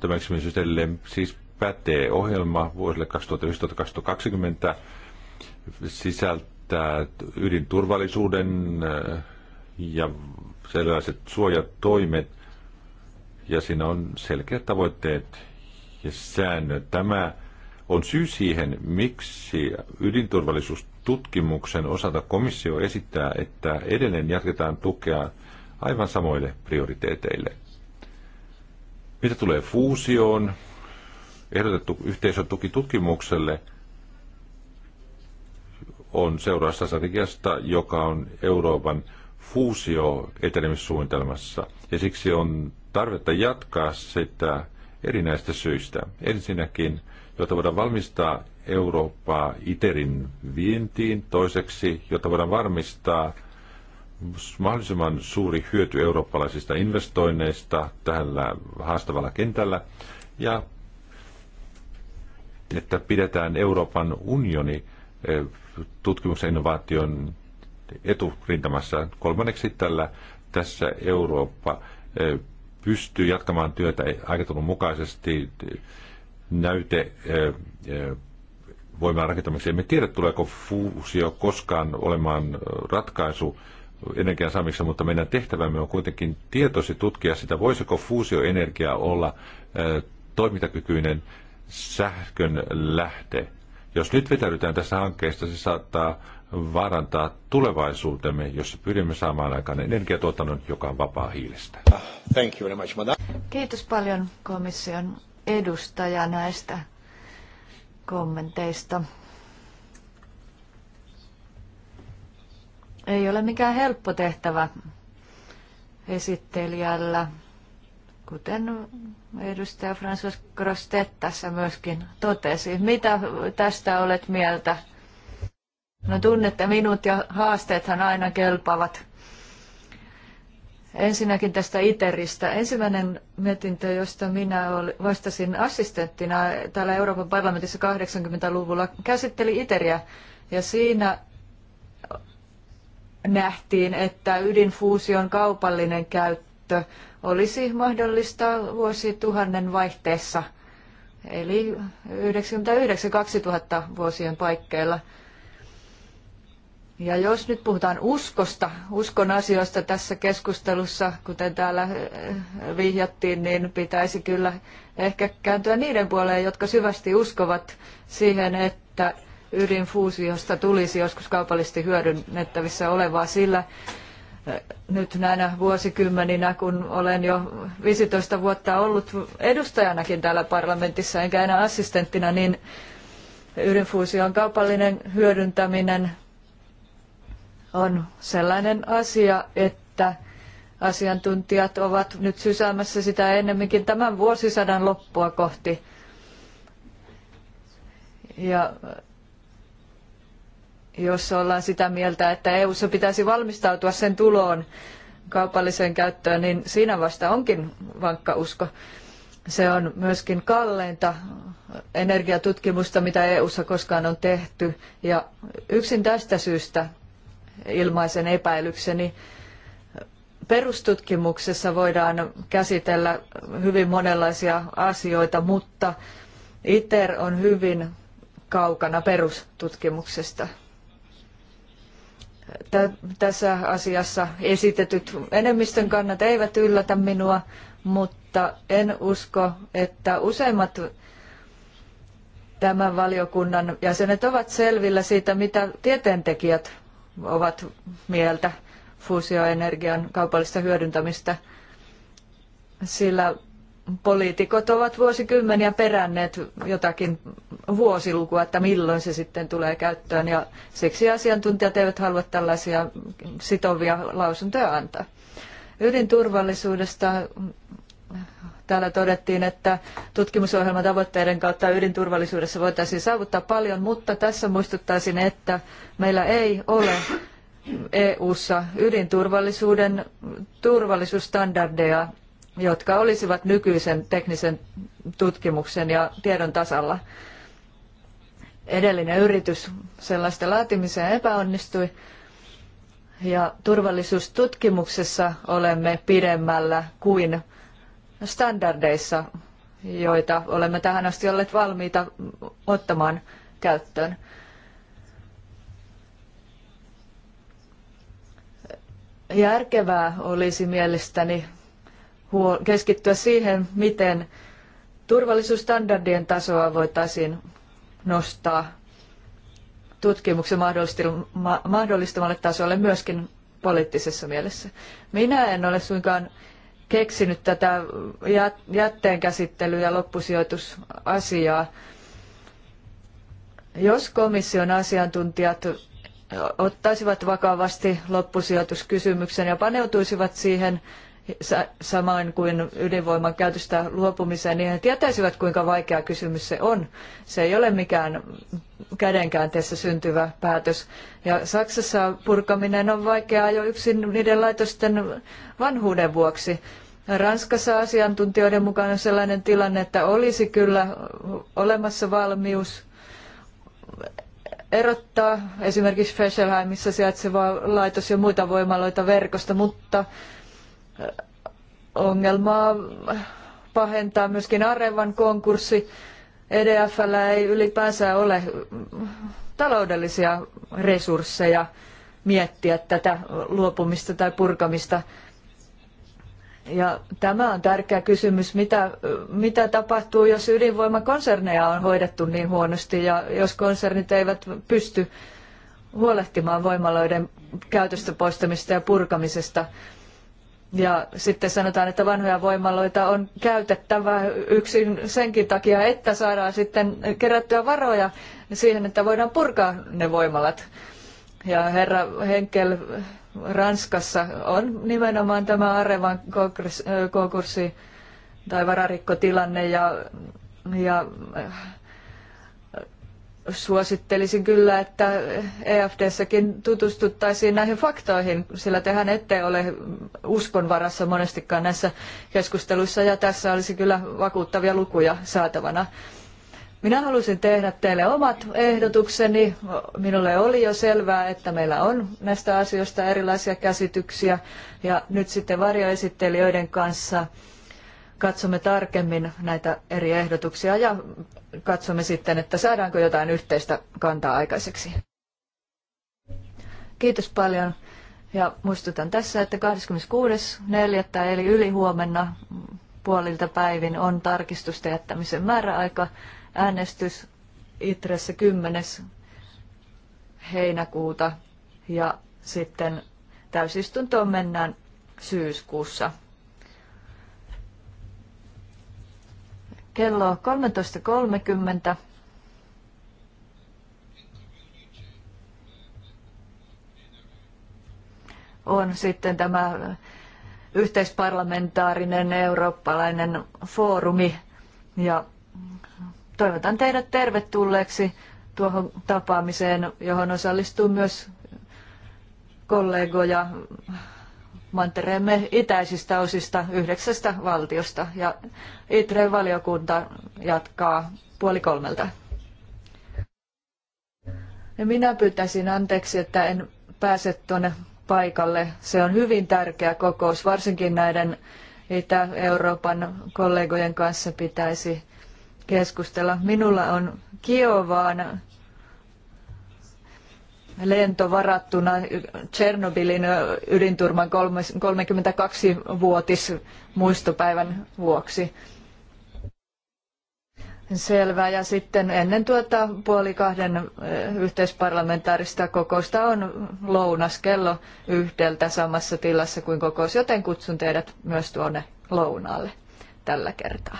tämä yksimielisyys edelleen siis pätee ohjelma vuosille 2019 2020 sisältää ydinturvallisuuden ja sellaiset suojatoimet ja siinä on selkeät tavoitteet ja säännöt. Tämä on syy siihen, miksi ydinturvallisuustutkimuksen osalta komissio esittää, että edelleen jatketaan tukea aivan samoille prioriteeteille. Mitä tulee fuusioon, ehdotettu yhteisötuki tutkimukselle on seurausta strategiasta, joka on Euroopan fuusio etenemissuunnitelmassa. Ja siksi on tarvetta jatkaa sitä erinäistä syistä. Ensinnäkin, jotta voidaan valmistaa Eurooppaa ITERin vientiin. Toiseksi, jotta voidaan varmistaa mahdollisimman suuri hyöty eurooppalaisista investoinneista tällä haastavalla kentällä ja että pidetään Euroopan unioni eh, tutkimuksen innovaation eturintamassa. Kolmanneksi tällä tässä Eurooppa eh, pystyy jatkamaan työtä aikataulun mukaisesti näyte eh, voimaan rakentamiseksi. Emme tiedä, tuleeko fuusio koskaan olemaan ratkaisu energian mutta meidän tehtävämme on kuitenkin tietoisesti tutkia sitä, voisiko fuusioenergia olla toimintakykyinen sähkön lähde. Jos nyt vetäydytään tässä hankkeesta, se saattaa vaarantaa tulevaisuutemme, jossa pyrimme saamaan aikaan energiatuotannon, joka on vapaa hiilestä. Thank you very much, madam.
Kiitos paljon komission edustaja näistä kommenteista. Ei ole mikään helppo tehtävä esittelijällä, kuten edustaja François Grostet tässä myöskin totesi. Mitä tästä olet mieltä? No tunnette minut ja haasteethan aina kelpaavat. Ensinnäkin tästä ITERistä. Ensimmäinen mietintö, josta minä vastasin assistenttina täällä Euroopan parlamentissa 80-luvulla, käsitteli ITERiä. Ja siinä nähtiin, että ydinfuusion kaupallinen käyttö olisi mahdollista vuosituhannen vaihteessa, eli 99-2000 vuosien paikkeilla. Ja jos nyt puhutaan uskosta, uskon asioista tässä keskustelussa, kuten täällä eh, vihjattiin, niin pitäisi kyllä ehkä kääntyä niiden puoleen, jotka syvästi uskovat siihen, että ydinfuusiosta tulisi joskus kaupallisesti hyödynnettävissä olevaa, sillä eh, nyt näinä vuosikymmeninä, kun olen jo 15 vuotta ollut edustajanakin täällä parlamentissa, enkä enää assistenttina, niin ydinfuusion kaupallinen hyödyntäminen on sellainen asia, että asiantuntijat ovat nyt sysäämässä sitä ennemminkin tämän vuosisadan loppua kohti. Ja jos ollaan sitä mieltä, että EU:ssa pitäisi valmistautua sen tuloon kaupalliseen käyttöön, niin siinä vasta onkin vankka usko. Se on myöskin kalleinta energiatutkimusta, mitä EU:ssa koskaan on tehty. Ja yksin tästä syystä ilmaisen epäilykseni perustutkimuksessa voidaan käsitellä hyvin monenlaisia asioita, mutta ITER on hyvin kaukana perustutkimuksesta tässä asiassa esitetyt enemmistön kannat eivät yllätä minua, mutta en usko, että useimmat tämän valiokunnan jäsenet ovat selvillä siitä, mitä tieteentekijät ovat mieltä fuusioenergian kaupallista hyödyntämistä, sillä poliitikot ovat vuosikymmeniä peränneet jotakin vuosilukua, että milloin se sitten tulee käyttöön ja siksi asiantuntijat eivät halua tällaisia sitovia lausuntoja antaa. Ydinturvallisuudesta täällä todettiin, että tutkimusohjelman tavoitteiden kautta ydinturvallisuudessa voitaisiin saavuttaa paljon, mutta tässä muistuttaisin, että meillä ei ole EU-ssa ydinturvallisuuden turvallisuusstandardeja jotka olisivat nykyisen teknisen tutkimuksen ja tiedon tasalla. Edellinen yritys sellaista laatimiseen epäonnistui ja turvallisuustutkimuksessa olemme pidemmällä kuin standardeissa, joita olemme tähän asti olleet valmiita ottamaan käyttöön. Järkevää olisi mielestäni keskittyä siihen, miten turvallisuusstandardien tasoa voitaisiin nostaa tutkimuksen mahdollistamalle tasolle myöskin poliittisessa mielessä. Minä en ole suinkaan keksinyt tätä jätteenkäsittely- ja loppusijoitusasiaa. Jos komission asiantuntijat ottaisivat vakavasti loppusijoituskysymyksen ja paneutuisivat siihen samoin kuin ydinvoiman käytöstä luopumiseen, niin he tietäisivät, kuinka vaikea kysymys se on. Se ei ole mikään kädenkäänteessä syntyvä päätös. Ja Saksassa purkaminen on vaikeaa jo yksin niiden laitosten vanhuuden vuoksi. Ranskassa asiantuntijoiden mukaan on sellainen tilanne, että olisi kyllä olemassa valmius erottaa esimerkiksi Fesselheimissa sijaitseva laitos ja muita voimaloita verkosta, mutta Ongelmaa pahentaa myöskin Arevan konkurssi. EDFllä ei ylipäänsä ole taloudellisia resursseja miettiä tätä luopumista tai purkamista. Ja tämä on tärkeä kysymys, mitä, mitä tapahtuu, jos ydinvoimakonserneja on hoidettu niin huonosti ja jos konsernit eivät pysty huolehtimaan voimaloiden käytöstä poistamista ja purkamisesta. Ja sitten sanotaan, että vanhoja voimaloita on käytettävä yksin senkin takia, että saadaan sitten kerättyä varoja siihen, että voidaan purkaa ne voimalat. Ja herra Henkel Ranskassa on nimenomaan tämä Arevan konkurssi tai vararikkotilanne ja, ja suosittelisin kyllä, että EFDssäkin tutustuttaisiin näihin faktoihin, sillä tehän ette ole uskon varassa monestikaan näissä keskusteluissa ja tässä olisi kyllä vakuuttavia lukuja saatavana. Minä halusin tehdä teille omat ehdotukseni. Minulle oli jo selvää, että meillä on näistä asioista erilaisia käsityksiä ja nyt sitten varjoesittelijöiden kanssa katsomme tarkemmin näitä eri ehdotuksia ja katsomme sitten, että saadaanko jotain yhteistä kantaa aikaiseksi. Kiitos paljon ja muistutan tässä, että 26.4. eli ylihuomenna puolilta päivin on tarkistusta jättämisen määräaika. Äänestys Itressä 10. heinäkuuta ja sitten täysistuntoon mennään syyskuussa. kello 13.30. on sitten tämä yhteisparlamentaarinen eurooppalainen foorumi. Ja toivotan teidät tervetulleeksi tuohon tapaamiseen, johon osallistuu myös kollegoja mantereemme itäisistä osista yhdeksästä valtiosta ja ITREn valiokunta jatkaa puoli kolmelta. Ja minä pyytäisin anteeksi, että en pääse tuonne paikalle. Se on hyvin tärkeä kokous, varsinkin näiden Itä-Euroopan kollegojen kanssa pitäisi keskustella. Minulla on Kiovaan lento varattuna Tchernobylin ydinturman 32-vuotis muistopäivän vuoksi. Selvä. Ja sitten ennen tuota puoli kahden eh, yhteisparlamentaarista kokousta on lounas kello yhdeltä samassa tilassa kuin kokous, joten kutsun teidät myös tuonne lounaalle tällä kertaa.